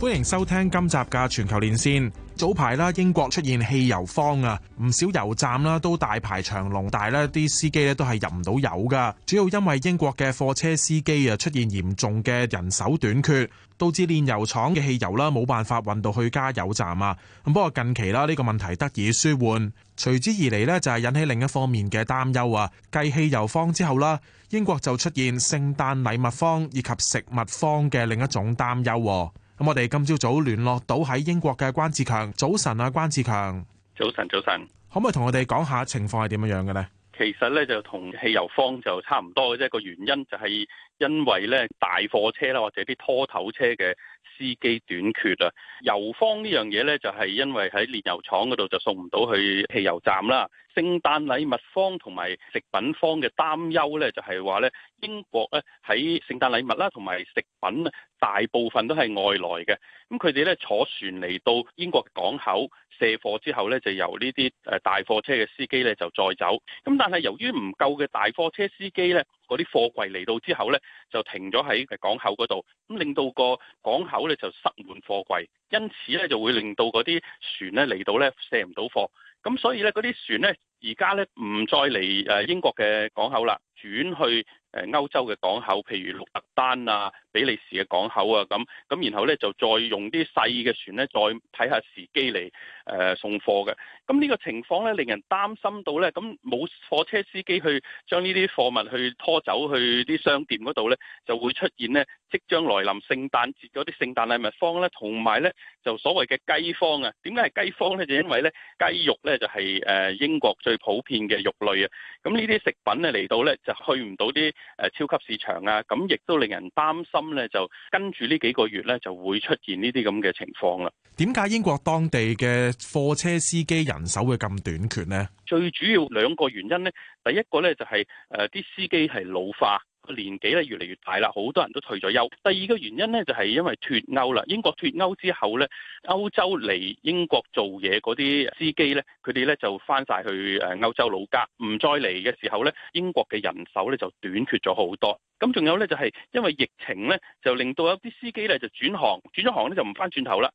歡迎收聽今集嘅全球連線。早排啦，英國出現汽油荒啊，唔少油站啦都大排長龍，但係啲司機咧都係入唔到油噶主要因為英國嘅貨車司機啊出現嚴重嘅人手短缺。導致煉油廠嘅汽油啦，冇辦法運到去加油站啊。咁不過近期啦，呢個問題得以舒緩，隨之而嚟呢就係引起另一方面嘅擔憂啊。繼汽油荒之後啦，英國就出現聖誕禮物荒以及食物荒嘅另一種擔憂。咁我哋今朝早聯絡到喺英國嘅關志強，早晨啊，關志強。早晨早晨，可唔可以同我哋講下情況係點樣樣嘅呢？其實咧就同汽油荒就差唔多嘅啫，個原因就係、是。因為咧，大貨車啦，或者啲拖頭車嘅司機短缺啊，油方呢樣嘢呢就係因為喺煉油廠嗰度就送唔到去汽油站啦。聖誕禮物方同埋食品方嘅擔憂呢，就係話咧英國咧喺聖誕禮物啦同埋食品大部分都係外來嘅，咁佢哋咧坐船嚟到英國港口卸貨之後呢，就由呢啲誒大貨車嘅司機呢就再走。咁但係由於唔夠嘅大貨車司機呢。嗰啲貨櫃嚟到之後呢，就停咗喺港口嗰度，咁令到個港口呢就塞滿貨櫃，因此呢就會令到嗰啲船呢嚟到呢卸唔到貨，咁所以呢，嗰啲船呢而家呢唔再嚟誒英國嘅港口喇，轉去。誒歐洲嘅港口，譬如鹿特丹啊、比利時嘅港口啊，咁咁，然後咧就再用啲細嘅船咧，再睇下時機嚟、呃、送貨嘅。咁呢個情況咧，令人擔心到咧，咁冇貨車司機去將呢啲貨物去拖走去啲商店嗰度咧，就會出現咧。即將來臨聖誕節嗰啲聖誕禮物荒咧，同埋咧就所謂嘅雞荒啊！點解係雞荒咧？就因為咧雞肉咧就係誒英國最普遍嘅肉類啊！咁呢啲食品咧嚟到咧就去唔到啲誒超級市場啊！咁亦都令人擔心咧，就跟住呢幾個月咧就會出現呢啲咁嘅情況啦。點解英國當地嘅貨車司機人手會咁短缺咧？最主要兩個原因咧，第一個咧就係誒啲司機係老化。個年紀咧越嚟越大啦，好多人都退咗休。第二個原因呢，就係因為脫歐啦，英國脫歐之後呢，歐洲嚟英國做嘢嗰啲司機呢，佢哋呢就翻晒去誒歐洲老家，唔再嚟嘅時候呢，英國嘅人手呢就短缺咗好多。咁仲有呢，就係因為疫情呢，就令到有啲司機呢就轉行，轉咗行呢就唔翻轉頭啦。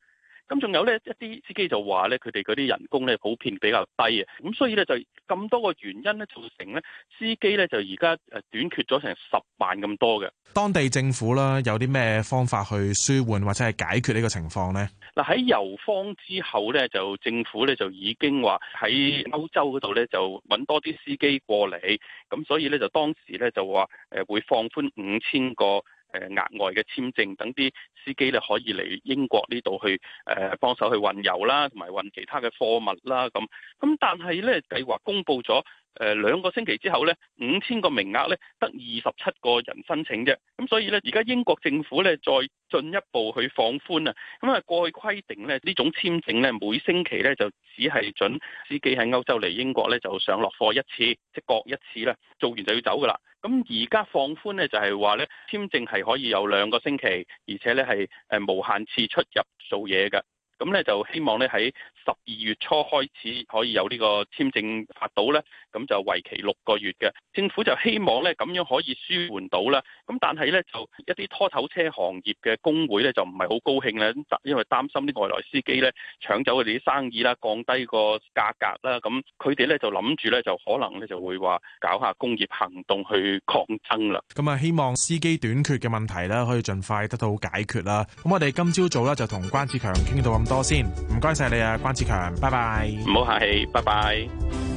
咁仲有咧一啲司機就話咧，佢哋嗰啲人工咧普遍比較低啊，咁所以咧就咁多個原因咧造成咧司機咧就而家誒短缺咗成十萬咁多嘅。當地政府啦有啲咩方法去舒緩或者係解決呢個情況咧？嗱喺油荒之後咧，就政府咧就已經話喺歐洲嗰度咧就揾多啲司機過嚟，咁所以咧就當時咧就話誒會放寬五千個。誒額外嘅簽證，等啲司機咧可以嚟英國呢度去誒幫手去運油啦，同埋運其他嘅貨物啦咁。咁但係咧計劃公布咗。誒兩個星期之後咧，五千個名額咧得二十七個人申請啫。咁所以咧，而家英國政府咧再進一步去放寬啊。因為過去規定咧呢種簽證咧每星期咧就只係準司機喺歐洲嚟英國咧就上落貨一次，即各一次呢，做完就要走噶啦。咁而家放寬咧就係話咧簽證係可以有兩個星期，而且咧係誒無限次出入做嘢㗎。咁咧就希望咧喺十二月初開始可以有呢個簽證發到咧。咁就為期六個月嘅，政府就希望咧咁樣可以舒緩到啦。咁但係咧就一啲拖頭車行業嘅工會咧就唔係好高興啦，因為擔心啲外來司機咧搶走佢哋啲生意啦，降低個價格啦。咁佢哋咧就諗住咧就可能咧就會話搞下工業行動去抗爭啦。咁啊，希望司機短缺嘅問題咧可以盡快得到解決啦。咁我哋今朝早咧就同關志強傾到咁多先，唔該晒你啊，關志強，拜拜。唔好客氣，拜拜。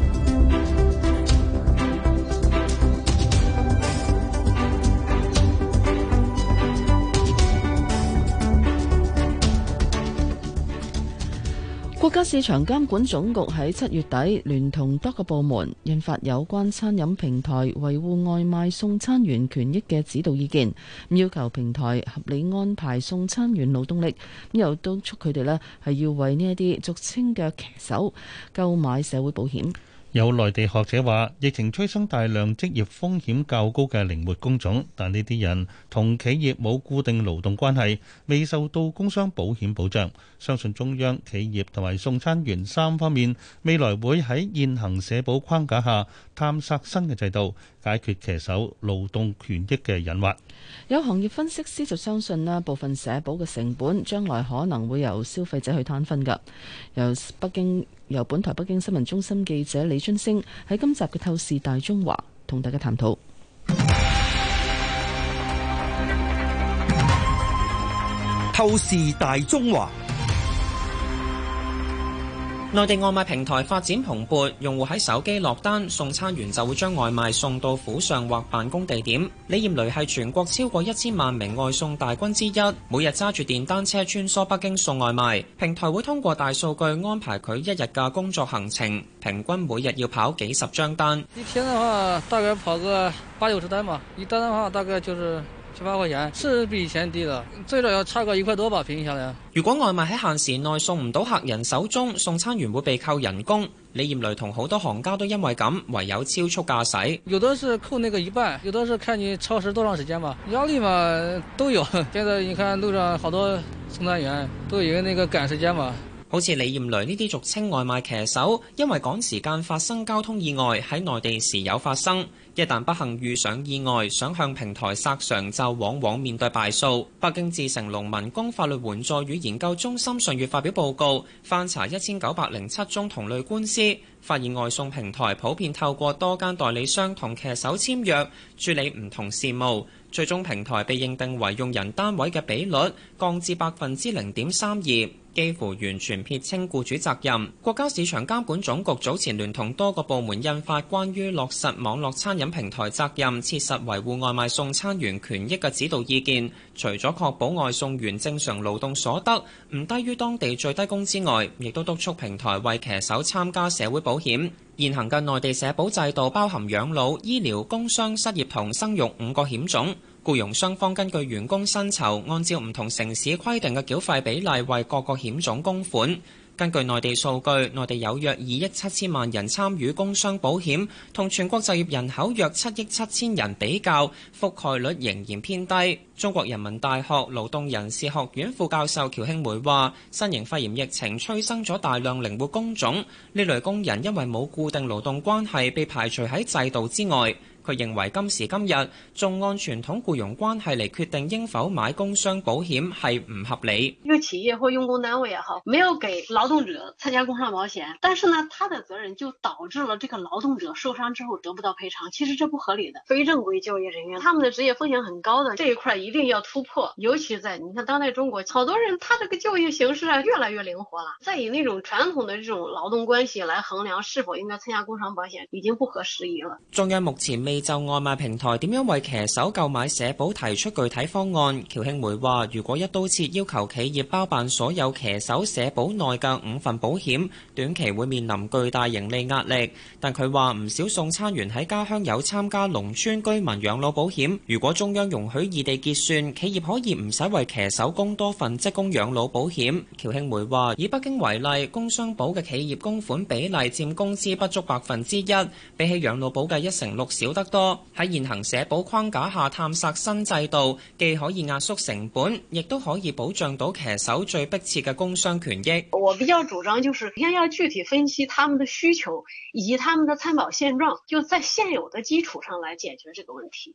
國家市場監管總局喺七月底，聯同多個部門印發有關餐飲平台維護外賣送餐員權益嘅指導意見，要求平台合理安排送餐員勞動力，又督促佢哋呢係要為呢一啲俗稱嘅騎手購買社會保險。有內地學者話：疫情催生大量職業風險較高嘅靈活工種，但呢啲人同企業冇固定勞動關係，未受到工傷保險保障。相信中央、企業同埋送餐員三方面未來會喺現行社保框架下探索新嘅制度，解決騎手勞動權益嘅隱患。有行業分析師就相信啦，部分社保嘅成本將來可能會由消費者去攤分㗎，由北京。由本台北京新聞中心記者李春升喺今集嘅《透視大中華》同大家探討《透視大中華》。內地外賣平台發展蓬勃，用戶喺手機落單，送餐員就會將外賣送到府上或辦公地點。李艷雷係全國超過一千萬名外送大軍之一，每日揸住電單車穿梭北京送外賣。平台會通過大數據安排佢一日嘅工作行程，平均每日要跑幾十張單。一天的話大概跑個八九十單嘛，一單的話大概就是。十八塊錢是比以前低了，最少要差個一塊多吧，平下來。如果外賣喺限時內送唔到客人手中，送餐員會被扣人工。李艷雷同好多行家都因為咁，唯有超速駕駛。有的是扣那個一半，有的是看你超時多長時間嘛，壓力嘛都有。現在你看路上好多送餐員都因為那個趕時間嘛。好似李艷雷呢啲俗稱外賣騎手，因為趕時間發生交通意外喺內地時有發生。一旦不幸遇上意外，想向平台索償就往往面對敗訴。北京智誠農民工法律援助與研究中心上月發表報告，翻查一千九百零七宗同類官司，發現外送平台普遍透過多間代理商同騎手簽約處理唔同事務，最終平台被認定為用人單位嘅比率降至百分之零點三二。幾乎完全撇清雇主責任。國家市場監管總局早前聯同多個部門印發關於落實網絡餐飲平台責任、切實維護外賣送餐員權益嘅指導意見，除咗確保外送員正常勞動所得唔低於當地最低工資外，亦都督促平台為騎手參加社會保險。現行嘅內地社保制度包含養老、醫療、工傷、失業同生育五個險種。雇傭雙方根據員工薪酬，按照唔同城市規定嘅繳費比例為各個險種供款。根據內地數據，內地有約二億七千萬人參與工傷保險，同全國就業人口約七億七千人比較，覆蓋率仍然偏低。中國人民大學勞動人事學院副教授喬慶梅話，新型肺炎疫情催生咗大量靈活工種，呢類工人因為冇固定勞動關係，被排除喺制度之外。佢認為，今時今日仲按傳統僱傭關係嚟決定應否買工傷保險，係唔合理。要企業或用工單位也好，沒有給勞動者參加工傷保險，但是呢，他的責任就導致了這個勞動者受傷之後得不到賠償。其實這不合理的。非正規就業人員，他們的職業風險很高的這一塊一定要突破，尤其在你看當代中國，好多人他這個就業形式啊越來越靈活了，再以那種傳統的這種勞動關係來衡量是否應該參加工傷保險，已經不合時宜了。中央目前。就外賣平台點樣為騎手購買社保提出具體方案？喬慶梅話：如果一刀切要求企業包辦所有騎手社保內嘅五份保險，短期會面臨巨大盈利壓力。但佢話唔少送餐員喺家鄉有參加農村居民養老保險。如果中央容許異地結算，企業可以唔使為騎手供多份職工養老保險。喬慶梅話：以北京為例，工傷保嘅企業供款比例占工資不足百分之一，比起養老保嘅一成六少。得多喺現行社保框架下探索新制度，既可以壓縮成本，亦都可以保障到騎手最迫切嘅工傷權益。我比較主張，就是先要，要具體分析他們的需求，以及他們的參保現狀，就在現有的基礎上來解決這個問題。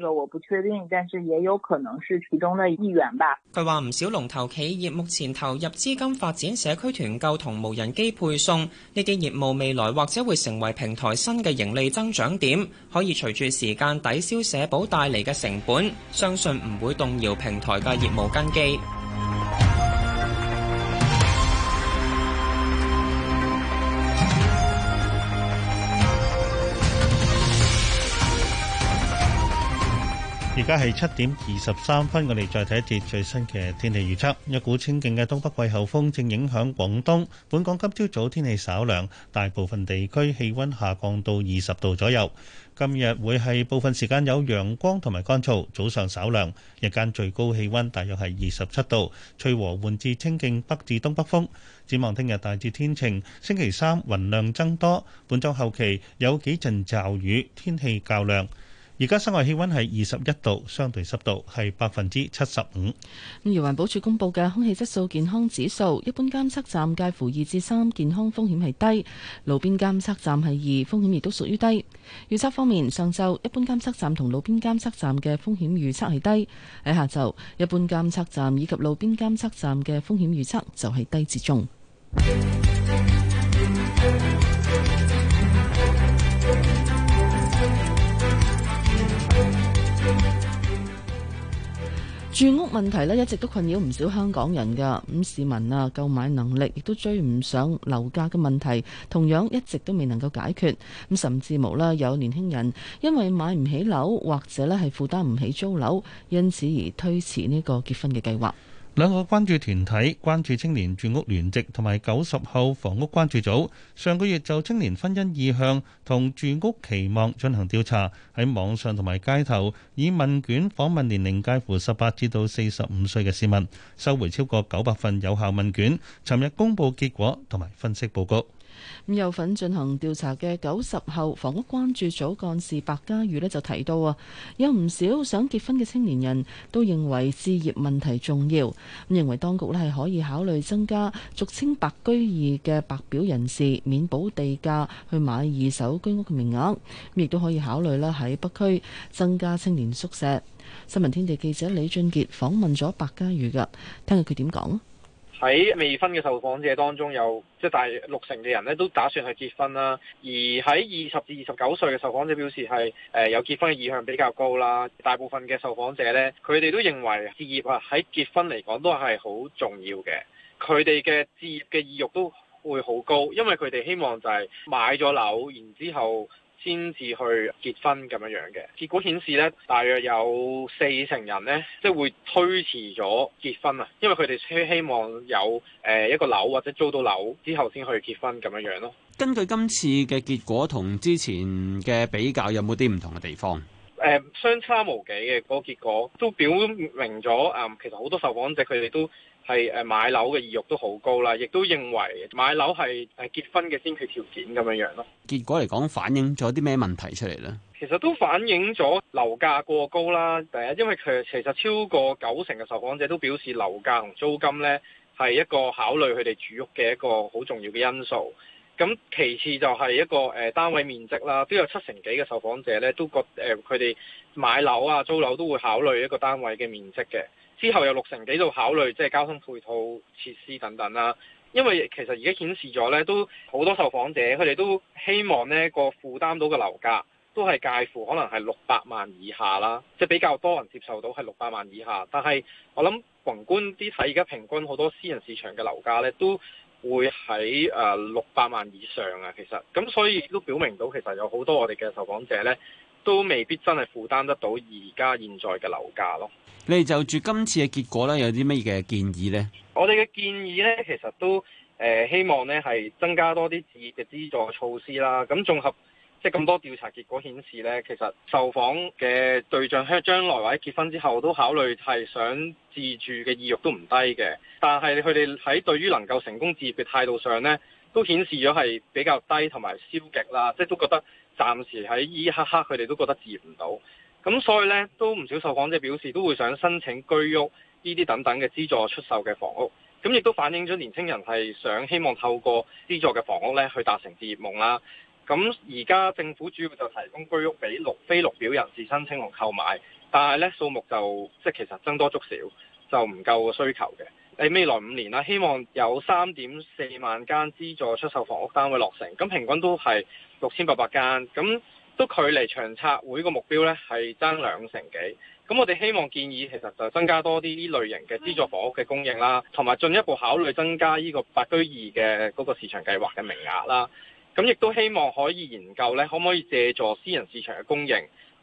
個我不確定，但是也有可能是其中的一員吧。佢話唔少龍頭企業目前投入資金發展社區團購同無人機配送，呢啲業務未來或者會成為平台新嘅盈利增長點，可以隨住時間抵消社保帶嚟嘅成本，相信唔會動搖平台嘅業務根基。而家係七點二十三分，我哋再睇一節最新嘅天氣預測。一股清勁嘅東北季候風正影響廣東。本港今朝早天氣稍涼，大部分地區氣溫下降到二十度左右。今日會係部分時間有陽光同埋乾燥，早上稍涼，日間最高氣溫大約係二十七度，吹和緩至清勁北至東北風。展望聽日大致天晴，星期三雲量增多，本周後期有幾陣驟雨，天氣較涼。而家室外氣溫係二十一度，相對濕度係百分之七十五。咁而環保署公布嘅空氣質素健康指數，一般監測站介乎二至三，健康風險係低；路邊監測站係二，風險亦都屬於低。預測方面，上晝一般監測站同路邊監測站嘅風險預測係低；喺下晝，一般監測站以及路邊監測站嘅風險預測就係低至中。住屋問題呢一直都困擾唔少香港人㗎，咁市民啊購買能力亦都追唔上樓價嘅問題，同樣一直都未能夠解決。咁甚至無啦，有年輕人因為買唔起樓或者咧係負擔唔起租樓，因此而推遲呢個結婚嘅計劃。兩個關注團體關注青年住屋聯席同埋九十後房屋關注組上個月就青年婚姻意向同住屋期望進行調查，喺網上同埋街頭以問卷訪問年齡介乎十八至到四十五歲嘅市民，收回超過九百份有效問卷。尋日公佈結果同埋分析報告。咁有份進行調查嘅九十後房屋關注組幹事白家宇就提到啊，有唔少想結婚嘅青年人都認為置業問題重要，咁認為當局咧係可以考慮增加俗稱白居易嘅白表人士免補地價去買二手居屋嘅名額，亦都可以考慮咧喺北區增加青年宿舍。新聞天地記者李俊傑訪問咗白家宇噶，聽下佢點講。喺未婚嘅受訪者當中，有即係大約六成嘅人咧都打算去結婚啦。而喺二十至二十九歲嘅受訪者表示係誒有結婚嘅意向比較高啦。大部分嘅受訪者咧，佢哋都認為置業啊喺結婚嚟講都係好重要嘅，佢哋嘅置業嘅意欲都會好高，因為佢哋希望就係買咗樓然之後。先至去結婚咁樣嘅，結果顯示呢大約有四成人呢，即係會推遲咗結婚啊，因為佢哋希望有誒一個樓或者租到樓之後先去結婚咁樣囉。咯。根據今次嘅結果同之前嘅比較，有冇啲唔同嘅地方？誒，相差無幾嘅嗰、嗰個結果都表明咗。其實好多受訪者佢哋都，係誒買樓嘅意欲都好高啦，亦都認為買樓係誒結婚嘅先決條件咁樣樣咯。結果嚟講，反映咗啲咩問題出嚟呢？其實都反映咗樓價過高啦。第一，因為其其實超過九成嘅受訪者都表示樓價同租金呢係一個考慮佢哋住屋嘅一個好重要嘅因素。咁其次就係一個誒、呃、單位面積啦，都有七成幾嘅受訪者呢都覺誒佢哋買樓啊、租樓都會考慮一個單位嘅面積嘅。之後有六成幾度考慮，即係交通配套設施等等啦。因為其實而家顯示咗呢，都好多受訪者，佢哋都希望呢個負擔到嘅樓價都係介乎可能係六百萬以下啦，即比較多人接受到係六百萬以下。但係我諗宏觀啲睇，而家平均好多私人市場嘅樓價呢，都會喺誒六百萬以上啊。其實咁，所以都表明到其實有好多我哋嘅受訪者呢。都未必真係負擔得到而家現在嘅樓價咯。你哋就住今次嘅結果咧，有啲咩嘅建議咧？我哋嘅建議咧，其實都誒、呃、希望咧，係增加多啲置業嘅資助措施啦。咁綜合即係咁多調查結果顯示咧，其實受訪嘅對象喺將來或者結婚之後都考慮，係想自住嘅意欲都唔低嘅，但係佢哋喺對於能夠成功置業嘅態度上咧，都顯示咗係比較低同埋消極啦，即係都覺得。暫時喺依一刻，佢哋都覺得置業唔到，咁所以呢，都唔少受訪者表示都會想申請居屋、呢啲等等嘅資助出售嘅房屋，咁亦都反映咗年青人係想希望透過資助嘅房屋呢去達成置業夢啦。咁而家政府主要就提供居屋俾綠表非綠表人士申請同購買，但是，但係呢數目就即其實增多足少，就唔夠需求嘅。喺未來五年啦，希望有三點四萬間資助出售房屋單位落成，咁平均都係。六千八百間，咁都距離長策會個目標咧，係爭兩成幾。咁我哋希望建議，其實就增加多啲呢類型嘅資助房屋嘅供應啦，同埋進一步考慮增加呢個白居二嘅嗰個市場計劃嘅名額啦。咁亦都希望可以研究咧，可唔可以借助私人市場嘅供應，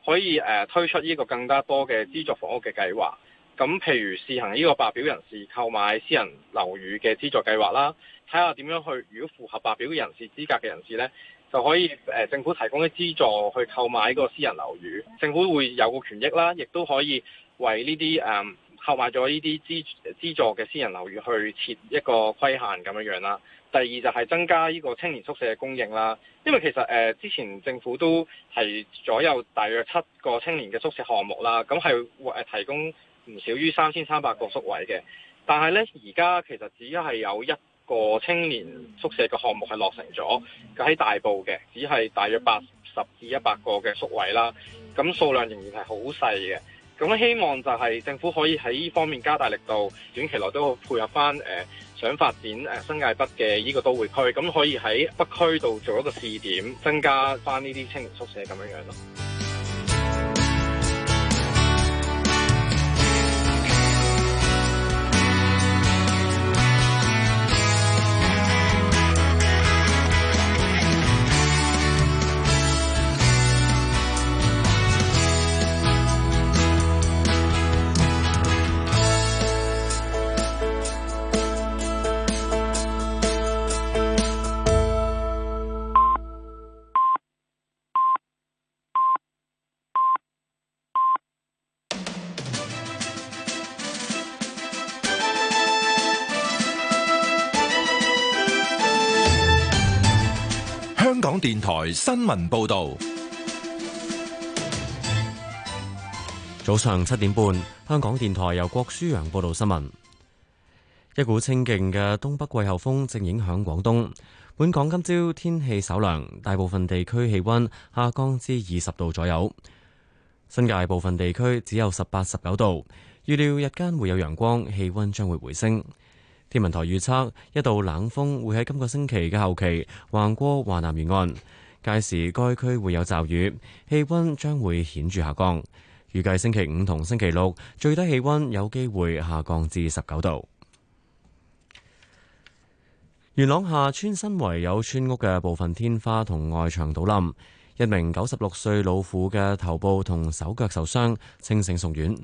可以、呃、推出呢個更加多嘅資助房屋嘅計劃。咁譬如試行呢個白表人士購買私人樓宇嘅資助計劃啦，睇下點樣去，如果符合白表人士資格嘅人士咧。就可以誒政府提供啲資助去購買嗰個私人樓宇，政府會有個權益啦，亦都可以為呢啲誒購買咗呢啲資資助嘅私人樓宇去設一個規限咁樣樣啦。第二就係增加呢個青年宿舍嘅供應啦，因為其實誒之前政府都係左右大約七個青年嘅宿舍項目啦，咁係誒提供唔少於三千三百個宿位嘅，但係呢，而家其實只係有一個青年宿舍嘅項目係落成咗，佢喺大埔嘅，只係大約八十至一百個嘅宿位啦。咁數量仍然係好細嘅。咁希望就係政府可以喺呢方面加大力度，短期內都配合翻誒、呃、想發展誒新界北嘅呢個都會區，咁可以喺北區度做一個試點，增加翻呢啲青年宿舍咁樣樣咯。電台新聞報道：早上七點半，香港電台由郭書陽報道新聞。一股清勁嘅東北季候風正影響廣東，本港今朝天氣稍涼，大部分地區氣温下降至二十度左右，新界部分地區只有十八、十九度。預料日間會有陽光，氣温將會回升。天文台預測，一道冷鋒會喺今個星期嘅後期橫過華南沿岸，屆時該區會有驟雨，氣溫將會顯著下降。預計星期五同星期六最低氣溫有機會下降至十九度。元朗下村新圍有村屋嘅部分天花同外牆倒冧，一名九十六歲老婦嘅頭部同手腳受傷，清醒送院。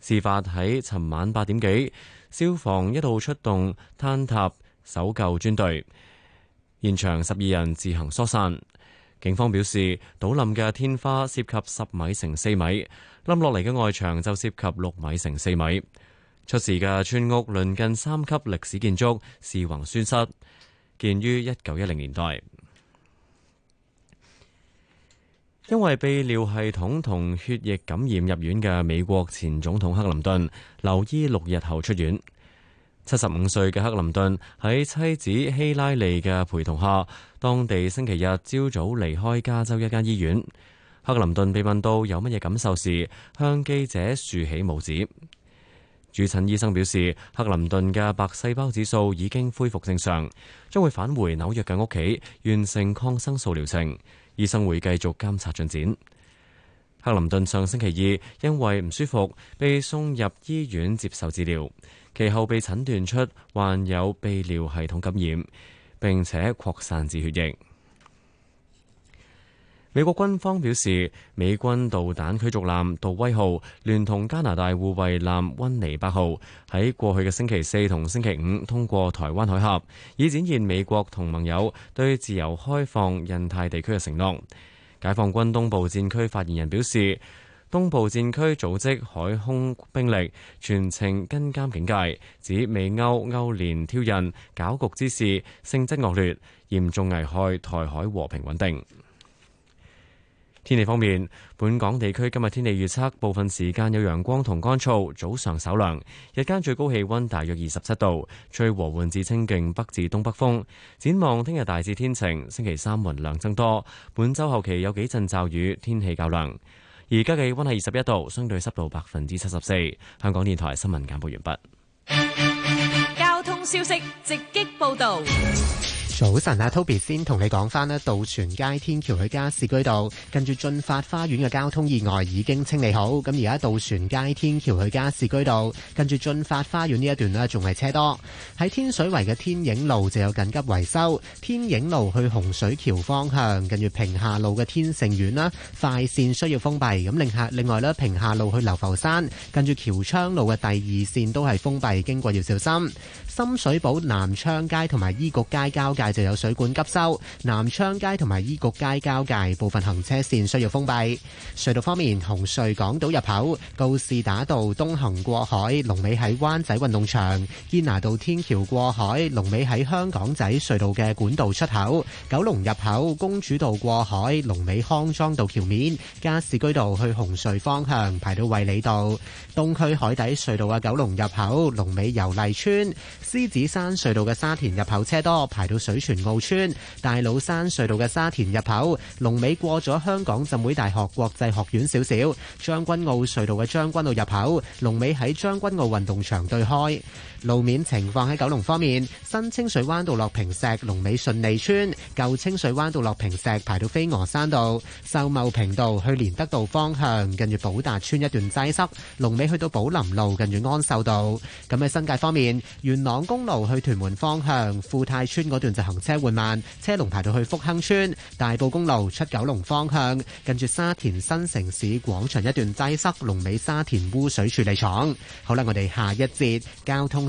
事發喺尋晚八點幾。消防一度出動坍塌搜救專隊，現場十二人自行疏散。警方表示，倒冧嘅天花涉及十米乘四米，冧落嚟嘅外牆就涉及六米乘四米。出事嘅村屋鄰近三級歷史建築，是宏宣室，建於一九一零年代。因為泌尿系統同血液感染入院嘅美國前總統克林頓，留醫六日後出院。七十五歲嘅克林頓喺妻子希拉里嘅陪同下，當地星期日朝早離開加州一間醫院。克林頓被問到有乜嘢感受時，向記者豎起拇指。主診醫生表示，克林頓嘅白細胞指數已經恢復正常，將會返回紐約嘅屋企，完成抗生素療程。醫生會繼續監察進展。克林頓上星期二因為唔舒服被送入醫院接受治療，其後被診斷出患有泌尿系統感染，並且擴散至血液。美國軍方表示，美軍導彈驅逐艦杜威號聯同加拿大護衛艦溫尼伯號喺過去嘅星期四同星期五通過台灣海峽，以展現美國同盟友對自由開放印太地區嘅承諾。解放軍東部戰區發言人表示，東部戰區組織海空兵力全程跟監警戒，指美歐歐聯挑釁攪局之事性質惡劣，嚴重危害台海和平穩定。天氣方面，本港地區今日天氣預測部分時間有陽光同乾燥，早上稍涼，日間最高氣溫大約二十七度，吹和緩至清勁北至東北風。展望聽日大致天晴，星期三雲量增多，本周後期有幾陣驟雨，天氣較涼。而家氣溫係二十一度，相對濕度百分之七十四。香港電台新聞簡報完畢。交通消息，直擊報道。早晨啊，Toby 先同你講翻咧，渡船街天橋去加士居道，跟住駿發花園嘅交通意外已經清理好。咁而家渡船街天橋去加士居道，跟住駿發花園呢一段呢，仲係車多。喺天水圍嘅天影路就有緊急維修，天影路去洪水橋方向，近住平下路嘅天盛苑啦，快線需要封閉。咁另下另外呢，平下路去流浮山，跟住橋昌路嘅第二線都係封閉，經過要小心。深水埗南昌街同埋醫局街交界就有水管急修，南昌街同埋醫局街交界部分行車線需要封閉。隧道方面，紅隧港島入口告士打道東行過海，龍尾喺灣仔運動場；堅拿道天橋過海，龍尾喺香港仔隧道嘅管道出口；九龍入口公主道過海，龍尾康莊道橋面；加士居道去紅隧方向排到衛理道；東區海底隧道嘅九龍入口，龍尾油麗邨。獅子山隧道嘅沙田入口車多，排到水泉澳村；大老山隧道嘅沙田入口，龍尾過咗香港浸會大學國際學院少少；將軍澳隧道嘅將軍澳入口，龍尾喺將軍澳運動場對開。路面情況喺九龍方面，新清水灣道落坪石龍尾順利村，舊清水灣道落坪石排到飛鵝山道，秀茂坪道去連德道方向近住寶達村一段擠塞，龍尾去到寶林路近住安秀道。咁喺新界方面，元朗公路去屯門方向富泰村嗰段就行車緩慢，車龍排到去福亨村，大埔公路出九龍方向近住沙田新城市廣場一段擠塞，龍尾沙田污水處理廠。好啦，我哋下一節交通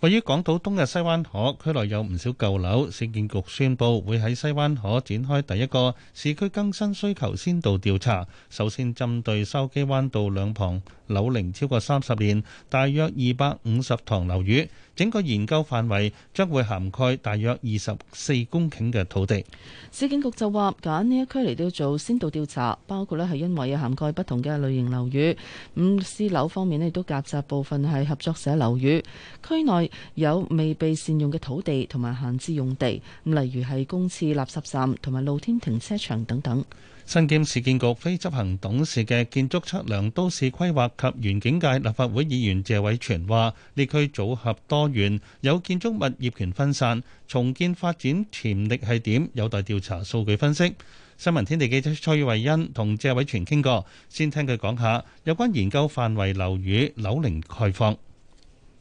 位於港島東嘅西灣河區內有唔少舊樓，市建局宣佈會喺西灣河展開第一個市區更新需求先導調查，首先針對筲箕灣道兩旁樓齡超過三十年，大約二百五十幢樓宇。整個研究範圍將會涵蓋大約二十四公頃嘅土地。市建局就話揀呢一區嚟都要做先導調查，包括呢係因為有涵蓋不同嘅類型樓宇，咁私樓方面咧都夾雜部分係合作社樓宇。區內有未被善用嘅土地同埋閒置用地，咁例如係公廁、垃圾站同埋露天停車場等等。身兼市建局非執行董事嘅建築測量、都市規劃及園境界立法會議員謝偉全話：列區組合多元，有建築物業權分散，重建發展潛力係點，有待調查數據分析。新聞天地記者蔡慧恩同謝偉全傾過，先聽佢講下有關研究範圍樓宇樓齡概況。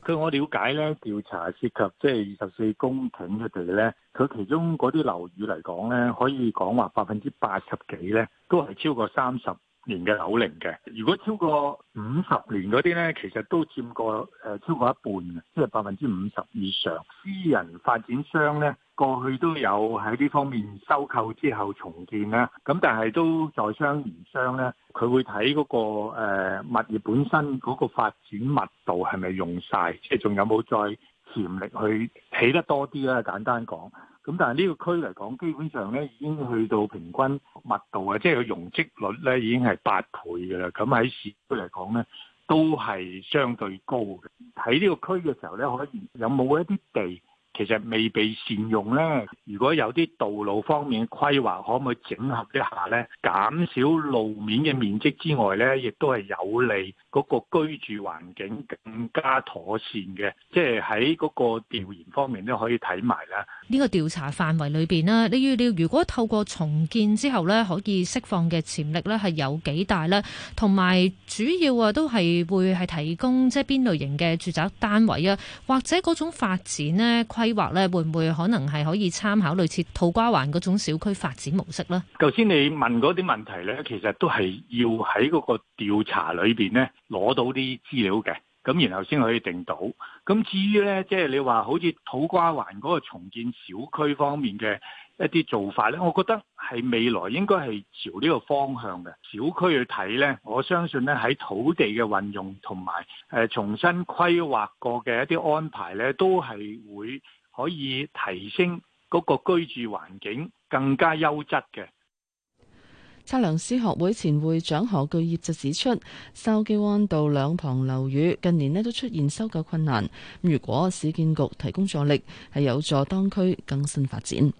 據我了解咧，調查涉及即係二十四公頃嘅地咧，佢其中嗰啲樓宇嚟講咧，可以講話百分之八十幾咧，都係超過三十年嘅樓齡嘅。如果超過五十年嗰啲咧，其實都佔過誒、呃、超過一半即係百分之五十以上。私人發展商咧。過去都有喺呢方面收購之後重建啦，咁但係都在商言商咧，佢會睇嗰個物業本身嗰個發展密度係咪用晒，即係仲有冇再潛力去起得多啲咧？簡單講，咁但係呢個區嚟講，基本上咧已經去到平均密度啊，即係佢容積率咧已經係八倍㗎啦。咁喺市區嚟講咧，都係相對高嘅。喺呢個區嘅時候咧，可以有冇一啲地？其實未被善用咧，如果有啲道路方面規劃可唔可以整合一下咧？減少路面嘅面積之外咧，亦都係有利嗰個居住環境更加妥善嘅。即係喺嗰個調研方面都可以睇埋啦。呢個調查範圍裏邊咧，你預料如果透過重建之後咧，可以釋放嘅潛力咧，係有幾大咧？同埋主要啊，都係會係提供即係邊類型嘅住宅單位啊，或者嗰種發展咧計劃咧會唔會可能係可以參考類似土瓜灣嗰種小區發展模式咧？頭先你問嗰啲問題咧，其實都係要喺嗰個調查裏邊咧攞到啲資料嘅，咁然後先可以定到。咁至於咧，即係你話好似土瓜灣嗰個重建小區方面嘅。一啲做法呢，我覺得係未來應該，係朝呢個方向嘅小區去睇呢。我相信呢，喺土地嘅運用同埋誒重新規劃過嘅一啲安排呢，都係會可以提升嗰個居住環境更加優質嘅。測量師學會前會長何巨業就指出，筲箕灣道兩旁樓宇近年呢都出現收購困難，如果市建局提供助力，係有助當區更新發展。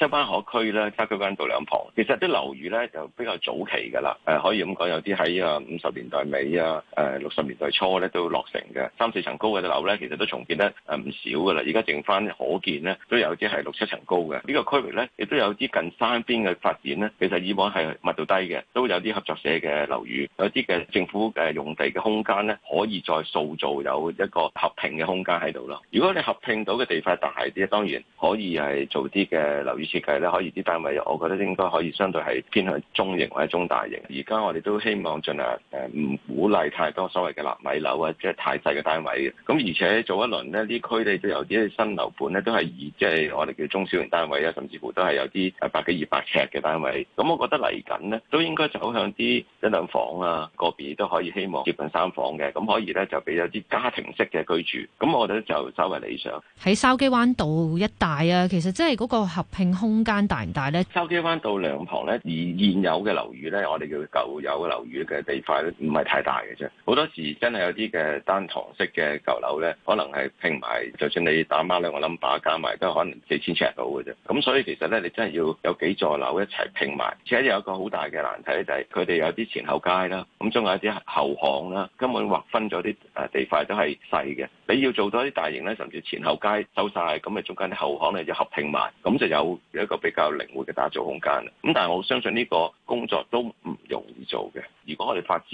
西灣河區咧，差區灣道兩旁，其實啲樓宇咧就比較早期㗎啦。誒，可以咁講，有啲喺啊五十年代尾啊，誒六十年代初咧都落成嘅，三四層高嘅樓咧，其實都重建得誒唔少㗎啦。而家剩翻可見咧，都有啲係六七層高嘅。呢個區域咧，亦都有啲近山邊嘅發展咧。其實以往係密度低嘅，都有啲合作社嘅樓宇，有啲嘅政府嘅用地嘅空間咧，可以再塑造有一個合拼嘅空間喺度咯。如果你合拼到嘅地塊大啲，當然可以係做啲嘅樓宇。設計咧，可以啲單位，我覺得應該可以相對係偏向中型或者中大型。而家我哋都希望盡量誒唔鼓勵太多所謂嘅納米樓啊，即係太細嘅單位。咁而且做一輪呢啲區地都有啲新樓盤咧，都係以即係我哋叫中小型單位啊，甚至乎都係有啲百幾二百尺嘅單位。咁我覺得嚟緊呢，都應該走向啲一,一兩房啊，個別都可以希望接近三房嘅，咁可以咧就俾有啲家庭式嘅居住。咁我覺得就稍為理想。喺筲箕灣道一帶啊，其實即係嗰個合併。空間大唔大咧？筲箕灣道兩旁咧，而現有嘅樓宇咧，我哋叫舊有嘅樓宇嘅地塊咧，唔係太大嘅啫。好多時真係有啲嘅單幢式嘅舊樓咧，可能係拼埋，就算你打孖兩我 number 加埋都可能四千尺到嘅啫。咁所以其實咧，你真係要有幾座樓一齊拼埋。而且有一個好大嘅難題咧、就係，就係佢哋有啲前後街啦，咁仲有一啲後巷啦，根本劃分咗啲誒地塊都係細嘅。你要做多啲大型咧，甚至前後街收晒，咁誒中間啲後巷咧就合併埋，咁就有有一個比較靈活嘅打造空間。咁但係我相信呢個工作都唔容易做嘅。如果我哋發展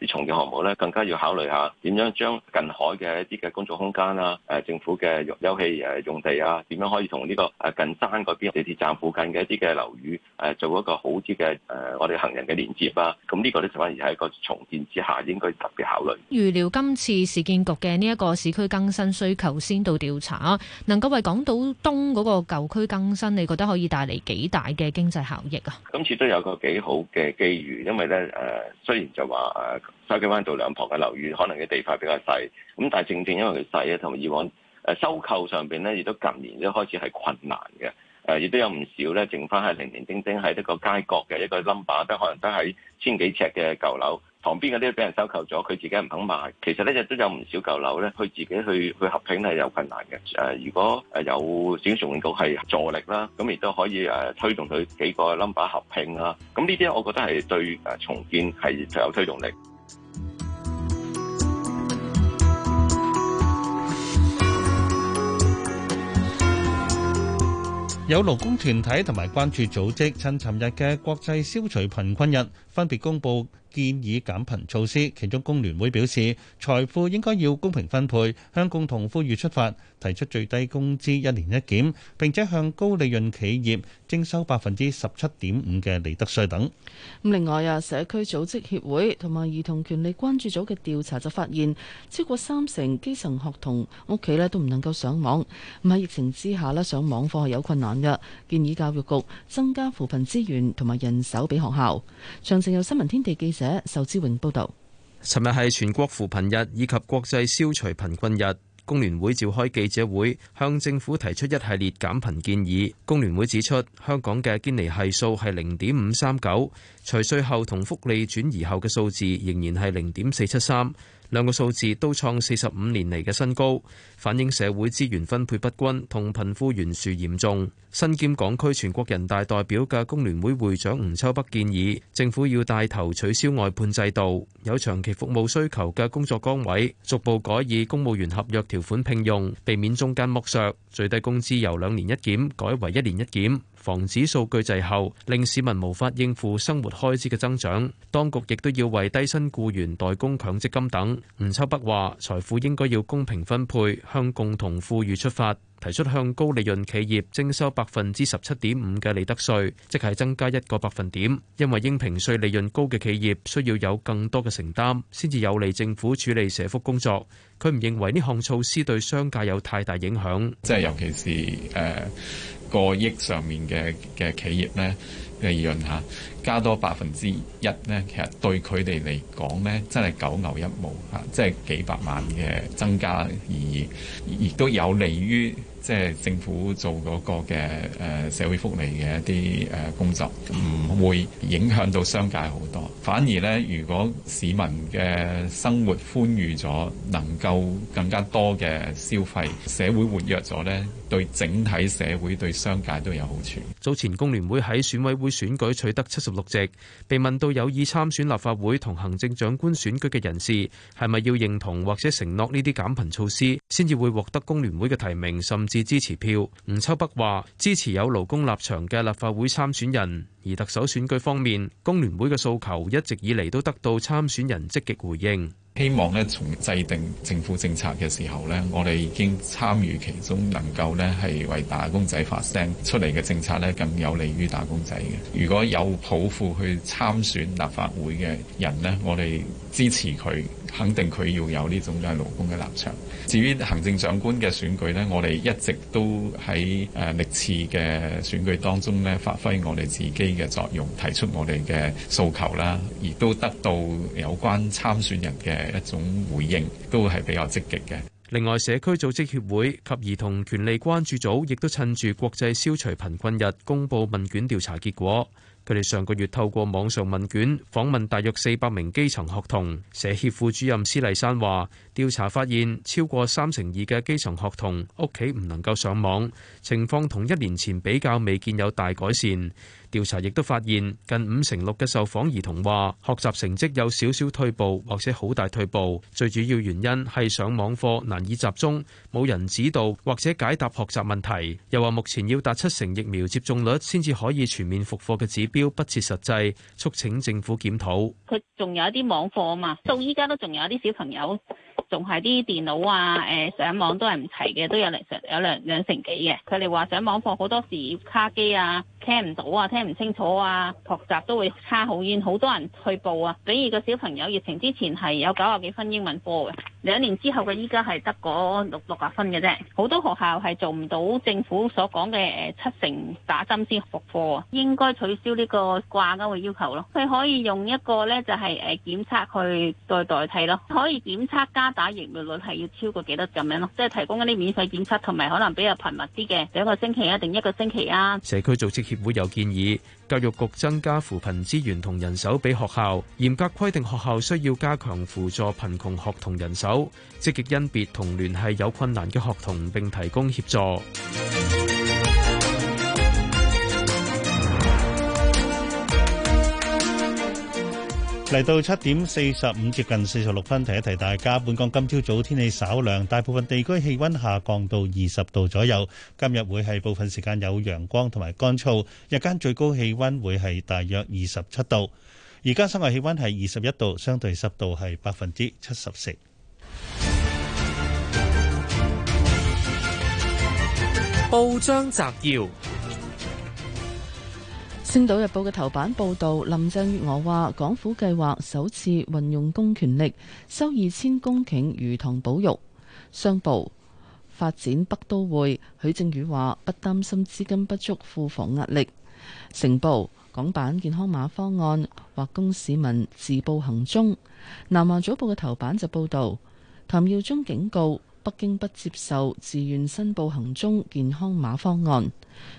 啲重建項目咧，更加要考慮下點樣將近海嘅一啲嘅工作空間啦，誒政府嘅休憩誒用地啊，點樣可以同呢個誒近山嗰邊地鐵站附近嘅一啲嘅樓宇誒做一個好啲嘅誒我哋行人嘅連接啊。咁呢個咧就反而係一個重建之下應該特別考慮。預料今次市建局嘅呢一個市。區更新需求先到調查，能夠為港島東嗰個舊區更新，你覺得可以帶嚟幾大嘅經濟效益啊？今次都有個幾好嘅機遇，因為咧誒，雖然就話誒筲箕灣道兩旁嘅樓宇可能嘅地塊比較細，咁但係正正因為佢細啊，同埋以往誒收購上邊咧，亦都近年一開始係困難嘅，誒，亦都有唔少咧，剩翻，係零零丁丁喺一個街角嘅一個 number，得可能都喺千幾尺嘅舊樓。旁邊嗰啲俾人收購咗，佢自己唔肯賣。其實呢，亦都有唔少舊樓咧，佢自己去去合併係有困難嘅。誒，如果誒有小數人局係助力啦，咁亦都可以誒推動佢幾個 number 合併啊。咁呢啲，我覺得係對誒重建係最有推動力。有勞工團體同埋關注組織，趁尋日嘅國際消除貧困日，分別公布。建議減貧措施，其中工聯會表示，財富應該要公平分配，向共同富裕出發，提出最低工資一年一檢，並且向高利潤企業徵收百分之十七點五嘅利得稅等。咁另外啊，社區組織協會同埋兒童權利關注組嘅調查就發現，超過三成基層學童屋企咧都唔能夠上網。咁喺疫情之下咧，上網課係有困難嘅。建議教育局增加扶貧資源同埋人手俾學校。詳情有新聞天地記者。仇志榮報道，尋日係全國扶貧日以及國際消除貧困日，工聯會召開記者會，向政府提出一系列減貧建議。工聯會指出，香港嘅堅尼系數係零點五三九，除稅後同福利轉移後嘅數字仍然係零點四七三，兩個數字都創四十五年嚟嘅新高。反映社會資源分配不均同貧富懸殊嚴重。身兼港區全國人大代表嘅工聯會會長吳秋北建議，政府要帶頭取消外判制度，有長期服務需求嘅工作崗位，逐步改以公務員合約條款聘用，避免中間剝削。最低工資由兩年一檢改為一年一檢，防止數據滯後，令市民無法應付生活開支嘅增長。當局亦都要為低薪僱員代供強積金等。吳秋北話：財富應該要公平分配。向共同富裕出發，提出向高利潤企業徵收百分之十七點五嘅利得稅，即係增加一個百分點。因為應評稅利潤高嘅企業需要有更多嘅承擔，先至有利政府處理社福工作。佢唔認為呢項措施對商界有太大影響，即係尤其是誒個億上面嘅嘅企業呢。利潤嚇，加多百分之一咧，其實對佢哋嚟講咧，真係九牛一毛嚇，即係幾百萬嘅增加而已，亦都有利於。即係政府做嗰個嘅誒社會福利嘅一啲誒工作，唔會影響到商界好多。反而咧，如果市民嘅生活寬裕咗，能夠更加多嘅消費，社會活躍咗咧，對整體社會對商界都有好處。早前工聯會喺選委會選舉取得七十六席，被問到有意參選立法會同行政長官選舉嘅人士，係咪要認同或者承諾呢啲減貧措施，先至會獲得工聯會嘅提名，甚至？支持票，吳秋北話支持有勞工立場嘅立法會參選人。而特首選舉方面，工聯會嘅訴求一直以嚟都得到參選人積極回應。希望咧從制定政府政策嘅時候咧，我哋已經參與其中，能夠咧係為打工仔發聲出嚟嘅政策咧，更有利於打工仔嘅。如果有抱負去參選立法會嘅人咧，我哋支持佢。肯定佢要有呢種嘅勞工嘅立場。至於行政長官嘅選舉咧，我哋一直都喺誒歷次嘅選舉當中咧，發揮我哋自己嘅作用，提出我哋嘅訴求啦，亦都得到有關參選人嘅一種回應，都係比較積極嘅。另外，社區組織協會及兒童權利關注組亦都趁住國際消除貧困日，公布問卷調查結果。佢哋上個月透過網上問卷訪問大約四百名基層學童，社協副主任施麗珊話，調查發現，超過三成二嘅基層學童屋企唔能夠上網，情況同一年前比較未見有大改善。調查亦都發現，近五成六嘅受訪兒童話學習成績有少少退步，或者好大退步。最主要原因係上網課難以集中，冇人指導或者解答學習問題。又話目前要達七成疫苗接種率先至可以全面復課嘅指標不切實際，促請政府檢討。佢仲有一啲網課啊嘛，到依家都仲有一啲小朋友。仲係啲電腦啊，誒上網都係唔齊嘅，都有零成有兩有兩成幾嘅。佢哋話上網課好多時卡機啊，聽唔到啊，聽唔清楚啊，學習都會差好遠。好多人去報啊。比如個小朋友疫情之前係有九十幾分英文課嘅，兩年之後佢依家係得嗰六六十分嘅啫。好多學校係做唔到政府所講嘅誒七成打針先復課啊，應該取消呢個掛勾嘅要求咯。佢可以用一個咧就係誒檢測去代代替咯，可以檢測加。打疫苗率係要超過幾多咁樣咯？即係提供一啲免費檢測同埋可能比較頻密啲嘅一個星期啊，定一個星期啊。社區組織協會有建議教育局增加扶貧資源同人手俾學校，嚴格規定學校需要加強輔助貧窮學童人手，積極甄別同聯繫有困難嘅學童並提供協助。嚟到七點四十五，接近四十六分，提一提大家。本港今朝早，早天氣稍涼，大部分地區氣溫下降到二十度左右。今日會係部分時間有陽光同埋乾燥，日間最高氣溫會係大約二十七度。而家室外氣溫係二十一度，相對濕度係百分之七十四。報章摘要。星島日報嘅頭版報道，林鄭月娥話港府計劃首次運用公權力收二千公頃魚塘保育。商報發展北都會，許正宇話不擔心資金不足庫房壓力。成報港版健康碼方案或供市民自報行蹤。南華早報嘅頭版就報道，譚耀宗警告北京不接受自願申報行蹤健康碼方案。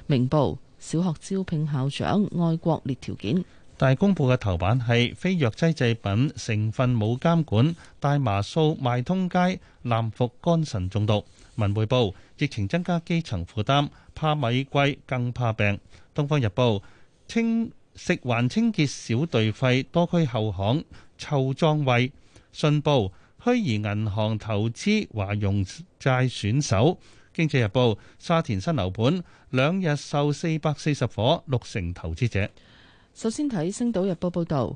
明報。小學招聘校長愛國列條件。大公報嘅頭版係非藥劑製品成分冇監管，大麻素賣通街，濫服肝腎中毒。文匯報，疫情增加基層負擔，怕米貴更怕病。東方日報，清食環清潔小隊費多區後巷臭髒穢。信報，虛擬銀行投資華融債選手。《經濟日報》沙田新樓盤兩日售四百四十伙，六成投資者。首先睇《星島日報》報導，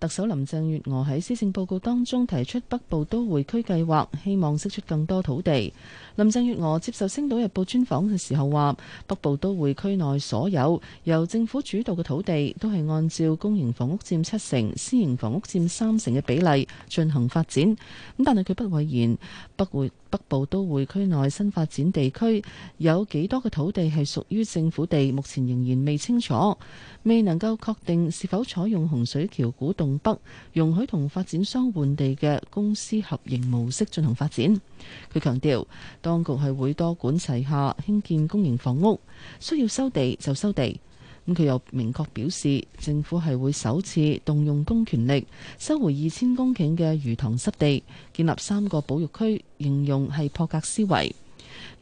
特首林鄭月娥喺施政報告當中提出北部都會區計劃，希望釋出更多土地。林鄭月娥接受《星島日報》專訪嘅時候話：北部都會區內所有由政府主導嘅土地，都係按照公營房屋佔七成、私營房屋佔三成嘅比例進行發展。咁但係佢不諱言，北會。北部都會區內新發展地區有幾多嘅土地係屬於政府地？目前仍然未清楚，未能夠確定是否採用洪水橋古洞北容許同發展商換地嘅公私合營模式進行發展。佢強調，當局係會多管齊下興建公營房屋，需要收地就收地。佢又明確表示，政府係會首次動用公權力收回二千公頃嘅魚塘濕地，建立三個保育區，形容係破格思維。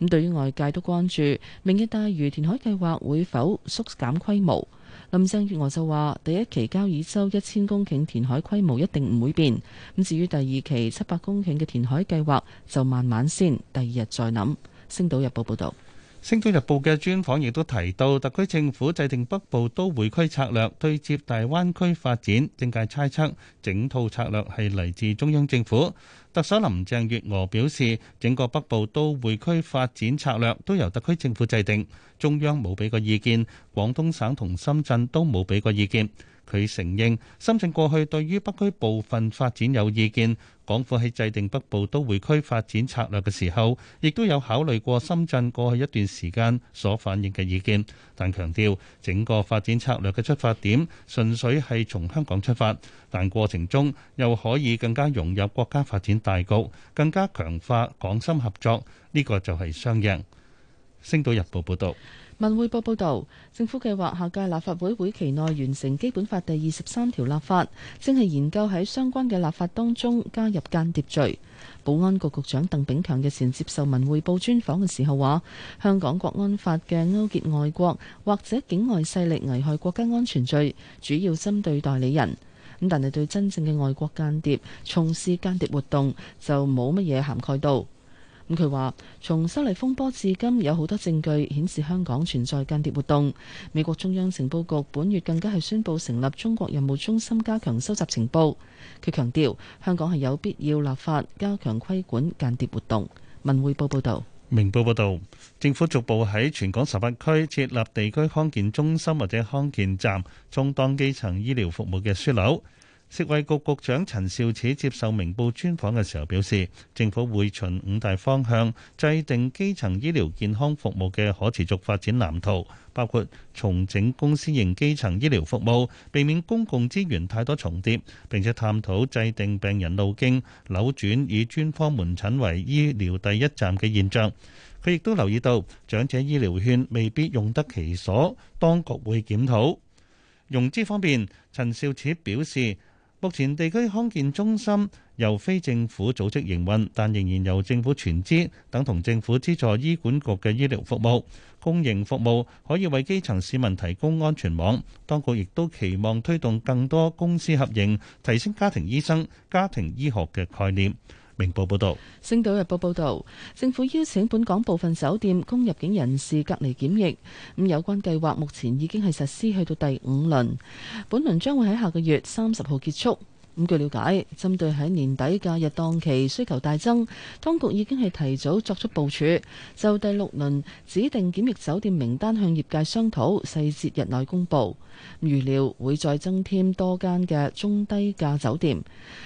咁對於外界都關注明日大嶼填海計劃會否縮減規模，林鄭月娥就話：第一期交椅洲一千公頃填海規模一定唔會變，咁至於第二期七百公頃嘅填海計劃就慢慢先，第二日再諗。星島日報報道。《星島日報》嘅專訪亦都提到，特區政府制定北部都會區策略，對接大灣區發展。政界猜測整套策略係嚟自中央政府。特首林鄭月娥表示，整個北部都會區發展策略都由特區政府制定，中央冇俾過意見，廣東省同深圳都冇俾過意見。佢承認深圳過去對於北區部分發展有意見，港府喺制定北部都會區發展策略嘅時候，亦都有考慮過深圳過去一段時間所反映嘅意見，但強調整個發展策略嘅出發點純粹係從香港出發，但過程中又可以更加融入國家發展大局，更加強化港深合作，呢、這個就係雙贏。星島日報報道。文匯報報道，政府計劃下屆立法會會期內完成《基本法》第二十三條立法，正係研究喺相關嘅立法當中加入間諜罪。保安局局長鄧炳強日前接受文匯報專訪嘅時候話，香港國安法嘅勾結外國或者境外勢力危害國家安全罪，主要針對代理人，咁但係對真正嘅外國間諜從事間諜活動就冇乜嘢涵蓋到。咁佢話：從修例風波至今，有好多證據顯示香港存在間諜活動。美國中央情報局本月更加係宣布成立中國任務中心，加強收集情報。佢強調香港係有必要立法加強規管間諜活動。文匯報報道，明報報道，政府逐步喺全港十八區設立地區康健中心或者康健站，充當基層醫療服務嘅樞紐。食衛局局長陳肇始接受明報專訪嘅時候表示，政府會循五大方向制定基層醫療健康服務嘅可持續發展藍圖，包括重整公司型基層醫療服務，避免公共資源太多重疊，並且探討制定病人路徑，扭轉以專科門診為醫療第一站嘅現象。佢亦都留意到長者醫療券未必用得其所，當局會檢討。融資方面，陳肇始表示。目前地區康健中心由非政府組織營運，但仍然由政府全資，等同政府資助醫管局嘅醫療服務。公營服務可以為基層市民提供安全網。當局亦都期望推動更多公私合營，提升家庭醫生、家庭醫學嘅概念。明報報道，《星島日報》報道，政府邀請本港部分酒店供入境人士隔離檢疫。咁有關計劃目前已經係實施去到第五輪，本輪將會喺下個月三十號結束。咁據了解，針對喺年底假日檔期需求大增，當局已經係提早作出部署，就第六輪指定檢疫酒店名單向業界商討細節，細節日內公佈。預料會再增添多間嘅中低價酒店，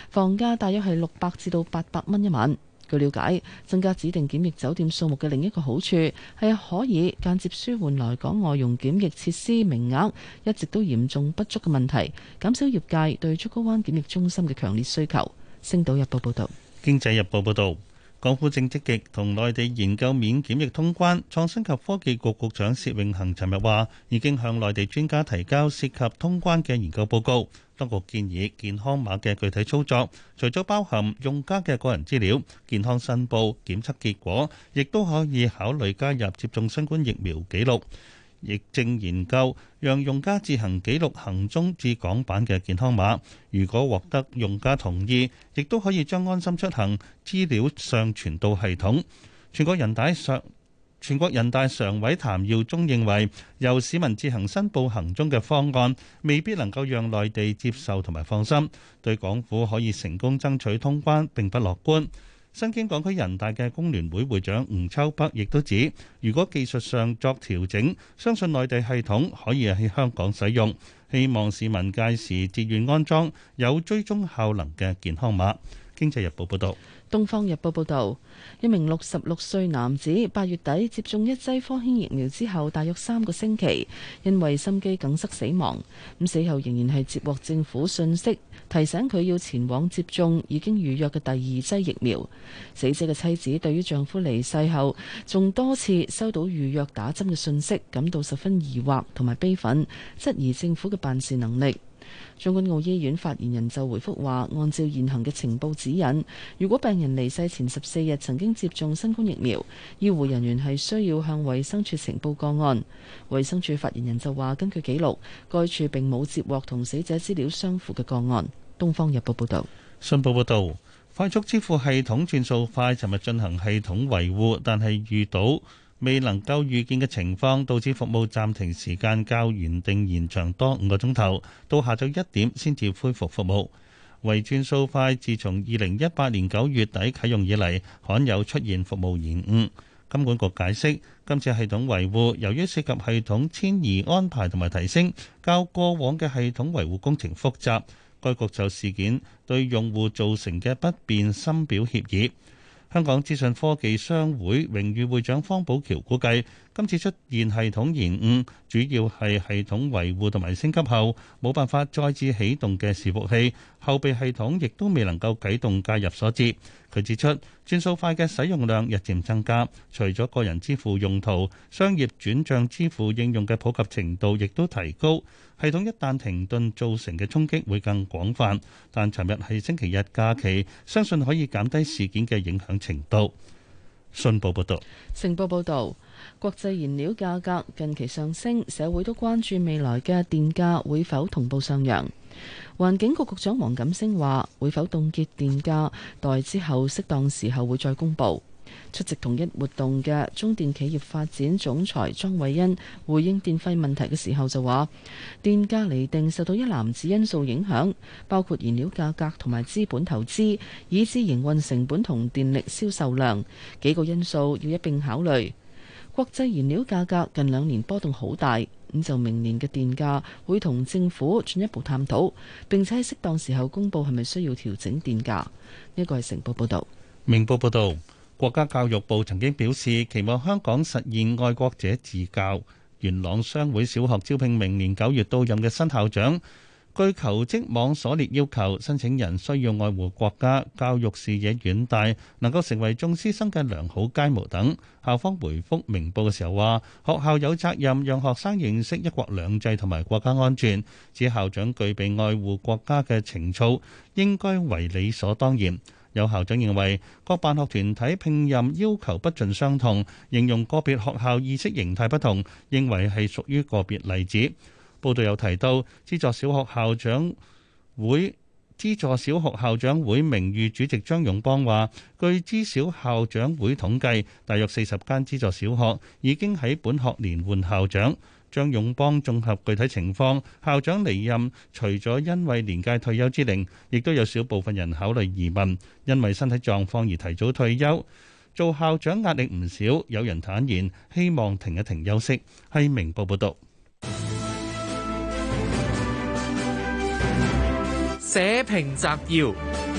房價大約係六百至到八百蚊一晚。據了解，增加指定檢疫酒店數目嘅另一個好處係可以間接舒緩來港外傭檢疫設施名額一直都嚴重不足嘅問題，減少業界對竹篙灣檢疫中心嘅強烈需求。星島日報報道。經濟日報報道。港府正積極同內地研究免檢疫通關，創新及科技局局長薛永恆尋日話，已經向內地專家提交涉及通關嘅研究報告。當局建議健康碼嘅具體操作，除咗包含用家嘅個人資料、健康申報、檢測結果，亦都可以考慮加入接種新冠疫苗記錄。亦正研究讓用家自行記錄行蹤至港版嘅健康碼，如果獲得用家同意，亦都可以將安心出行資料上傳到系統。全國人大常全國人大常委譚耀宗認為，由市民自行申報行蹤嘅方案未必能夠讓內地接受同埋放心，對港府可以成功爭取通關並不樂觀。身兼港區人大嘅工聯會會長吳秋北亦都指，如果技術上作調整，相信內地系統可以喺香港使用。希望市民屆時自願安裝有追蹤效能嘅健康碼。經濟日報報導。《東方日報》報導，一名六十六歲男子八月底接種一劑科興疫苗之後，大約三個星期，因為心肌梗塞死亡。咁死後仍然係接獲政府訊息，提醒佢要前往接種已經預約嘅第二劑疫苗。死者嘅妻子對於丈夫離世後，仲多次收到預約打針嘅訊息，感到十分疑惑同埋悲憤，質疑政府嘅辦事能力。將軍澳醫院發言人就回覆話：，按照現行嘅情報指引，如果病人離世前十四日曾經接種新冠疫苗，醫護人員係需要向衛生署呈報個案。衛生署發言人就話：根據記錄，該署並冇接獲同死者資料相符嘅個案。東方日報報道，信報報道，快速支付系統轉數快，尋日進行系統維護，但係遇到。未能夠預見嘅情況，導致服務暫停時間較原定延長多五個鐘頭，到下晝一點先至恢復服務。惟轉數快，自從二零一八年九月底啟用以嚟，罕有出現服務延誤。金管局解釋，今次系統維護由於涉及系統遷移安排同埋提升，較過往嘅系統維護工程複雜。該局就事件對用戶造成嘅不便深表歉意。香港資訊科技商會榮譽會長方保僑估計，今次出現系統延誤，主要係系統維護同埋升級後冇辦法再次起動嘅伺服器，後備系統亦都未能夠啟動介入所致。佢指出，轉數快嘅使用量日漸增加，除咗個人支付用途，商業轉帳支付應用嘅普及程度亦都提高。系統一旦停頓，造成嘅衝擊會更廣泛。但尋日係星期日假期，相信可以減低事件嘅影響程度。信報報導，成報報道，國際燃料價格近期上升，社會都關注未來嘅電價會否同步上揚。環境局局長黃錦星話，會否凍結電價，待之後適當時候會再公布。出席同一活動嘅中電企業發展總裁莊偉恩回應電費問題嘅時候就話：電價釐定受到一籃子因素影響，包括燃料價格同埋資本投資，以至營運成本同電力銷售量幾個因素要一並考慮。國際燃料價格近兩年波動好大，咁就明年嘅電價會同政府進一步探討，並且在適當時候公佈係咪需要調整電價。呢、這個係成報報導，明報報導。國家教育部曾經表示，期望香港實現愛國者治教。元朗商會小學招聘明年九月到任嘅新校長，據求職網所列要求，申請人需要愛護國家、教育視野遠大、能夠成為眾師生嘅良好楷模等。校方回覆明報嘅時候話，學校有責任讓學生認識一國兩制同埋國家安全，指校長具備愛護國家嘅情操，應該為理所當然。有校長認為各辦學團體聘任要求不盡相同，形容個別學校意識形態不同，認為係屬於個別例子。報道又提到，資助小學校長會資助小學校長會名譽主席張勇邦話，據資小校長會統計，大約四十間資助小學已經喺本學年換校長。張勇邦綜合具體情況，校長離任，除咗因為年屆退休之齡，亦都有少部分人考慮移民，因為身體狀況而提早退休。做校長壓力唔少，有人坦言希望停一停休息。係明報報導。社評摘要。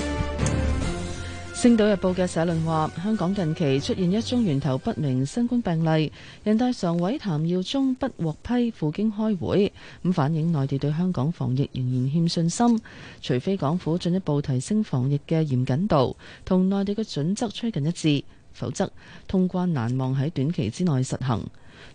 《星島日報》嘅社論話：香港近期出現一宗源頭不明新冠病例，人大常委譚耀宗不獲批赴京開會，咁反映內地對香港防疫仍然欠信心。除非港府進一步提升防疫嘅嚴謹度，同內地嘅準則趨近一致，否則通關難望喺短期之內實行。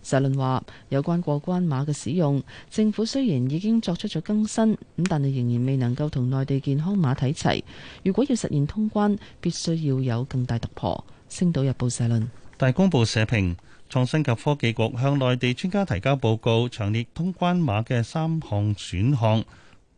社論話有關過關碼嘅使用，政府雖然已經作出咗更新，咁但係仍然未能夠同內地健康碼睇齊。如果要實現通關，必須要有更大突破。星島日報社論。大公報社評：創新及科技局向內地專家提交報告，強烈通關碼嘅三項選項：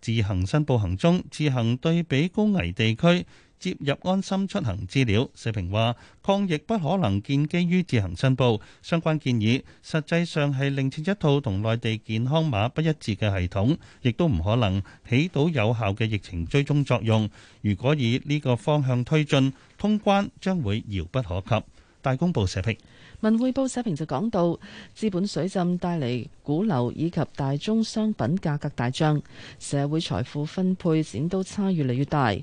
自行申報行蹤，自行對比高危地區。接入安心出行資料，社評話抗疫不可能建基於自行申報，相關建議實際上係另設一套同內地健康碼不一致嘅系統，亦都唔可能起到有效嘅疫情追蹤作用。如果以呢個方向推進，通關將會遙不可及。大公報社評。文匯報社評就講到，資本水浸帶嚟股樓以及大宗商品價格大漲，社會財富分配剪刀差越嚟越大，咁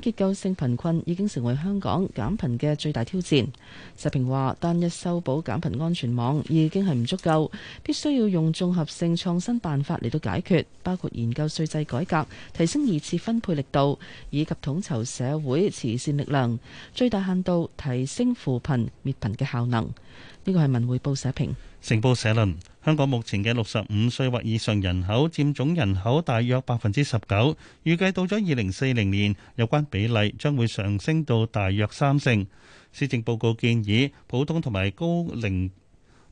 結構性貧困已經成為香港減貧嘅最大挑戰。社評話，單一修補減貧安全網已經係唔足夠，必須要用綜合性創新辦法嚟到解決，包括研究稅制改革，提升二次分配力度，以及統籌社會慈善力量，最大限度提升扶貧滅貧嘅效能。呢個係文匯報社評，成報社論。香港目前嘅六十五歲或以上人口佔總人口大約百分之十九，預計到咗二零四零年，有關比例將會上升到大約三成。施政報告建議，普通同埋高齡。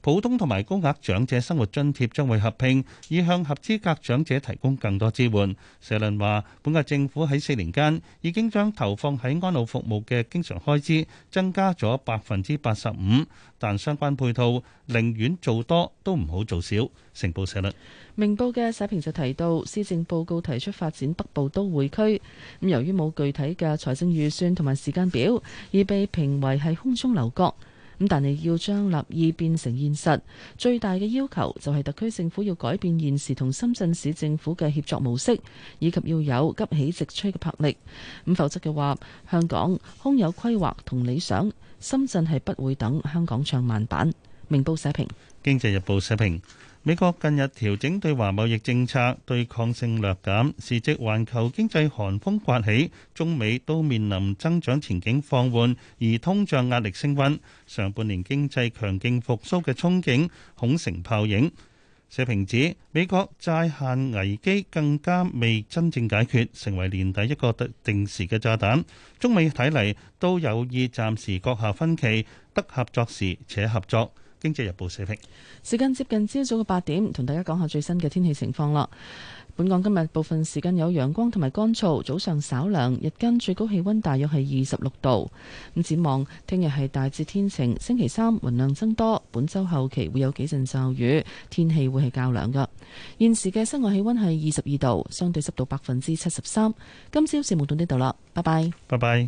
普通同埋高額長者生活津貼將會合併，以向合資格長者提供更多支援。社論話，本屆政府喺四年間已經將投放喺安老服務嘅經常開支增加咗百分之八十五，但相關配套寧願做多都唔好做少。成報社論，明報嘅社評就提到，施政報告提出發展北部都會區，咁由於冇具體嘅財政預算同埋時間表，已被評為係空中樓閣。咁但係要將立意變成現實，最大嘅要求就係特區政府要改變現時同深圳市政府嘅協作模式，以及要有急起直追嘅魄力。咁否則嘅話，香港空有規劃同理想，深圳係不會等香港唱慢板。明報社評，《經濟日報》社評。美國近日調整對華貿易政策，對抗性略減。時值環球經濟寒風刮起，中美都面臨增長前景放緩，而通脹壓力升溫。上半年經濟強勁復甦嘅憧憬恐成泡影。社評指，美國債限危機更加未真正解決，成為年底一個定時嘅炸彈。中美睇嚟都有意暫時擱下分歧，得合作時且合作。經濟日報社評，時間接近朝早嘅八點，同大家講下最新嘅天氣情況啦。本港今日部分時間有陽光同埋乾燥，早上稍涼，日間最高氣溫大約係二十六度。咁展望聽日係大致天晴，星期三雲量增多，本周後期會有幾陣驟雨，天氣會係較涼噶。現時嘅室外氣溫係二十二度，相對濕度百分之七十三。今朝事務到呢度啦，拜拜。拜拜。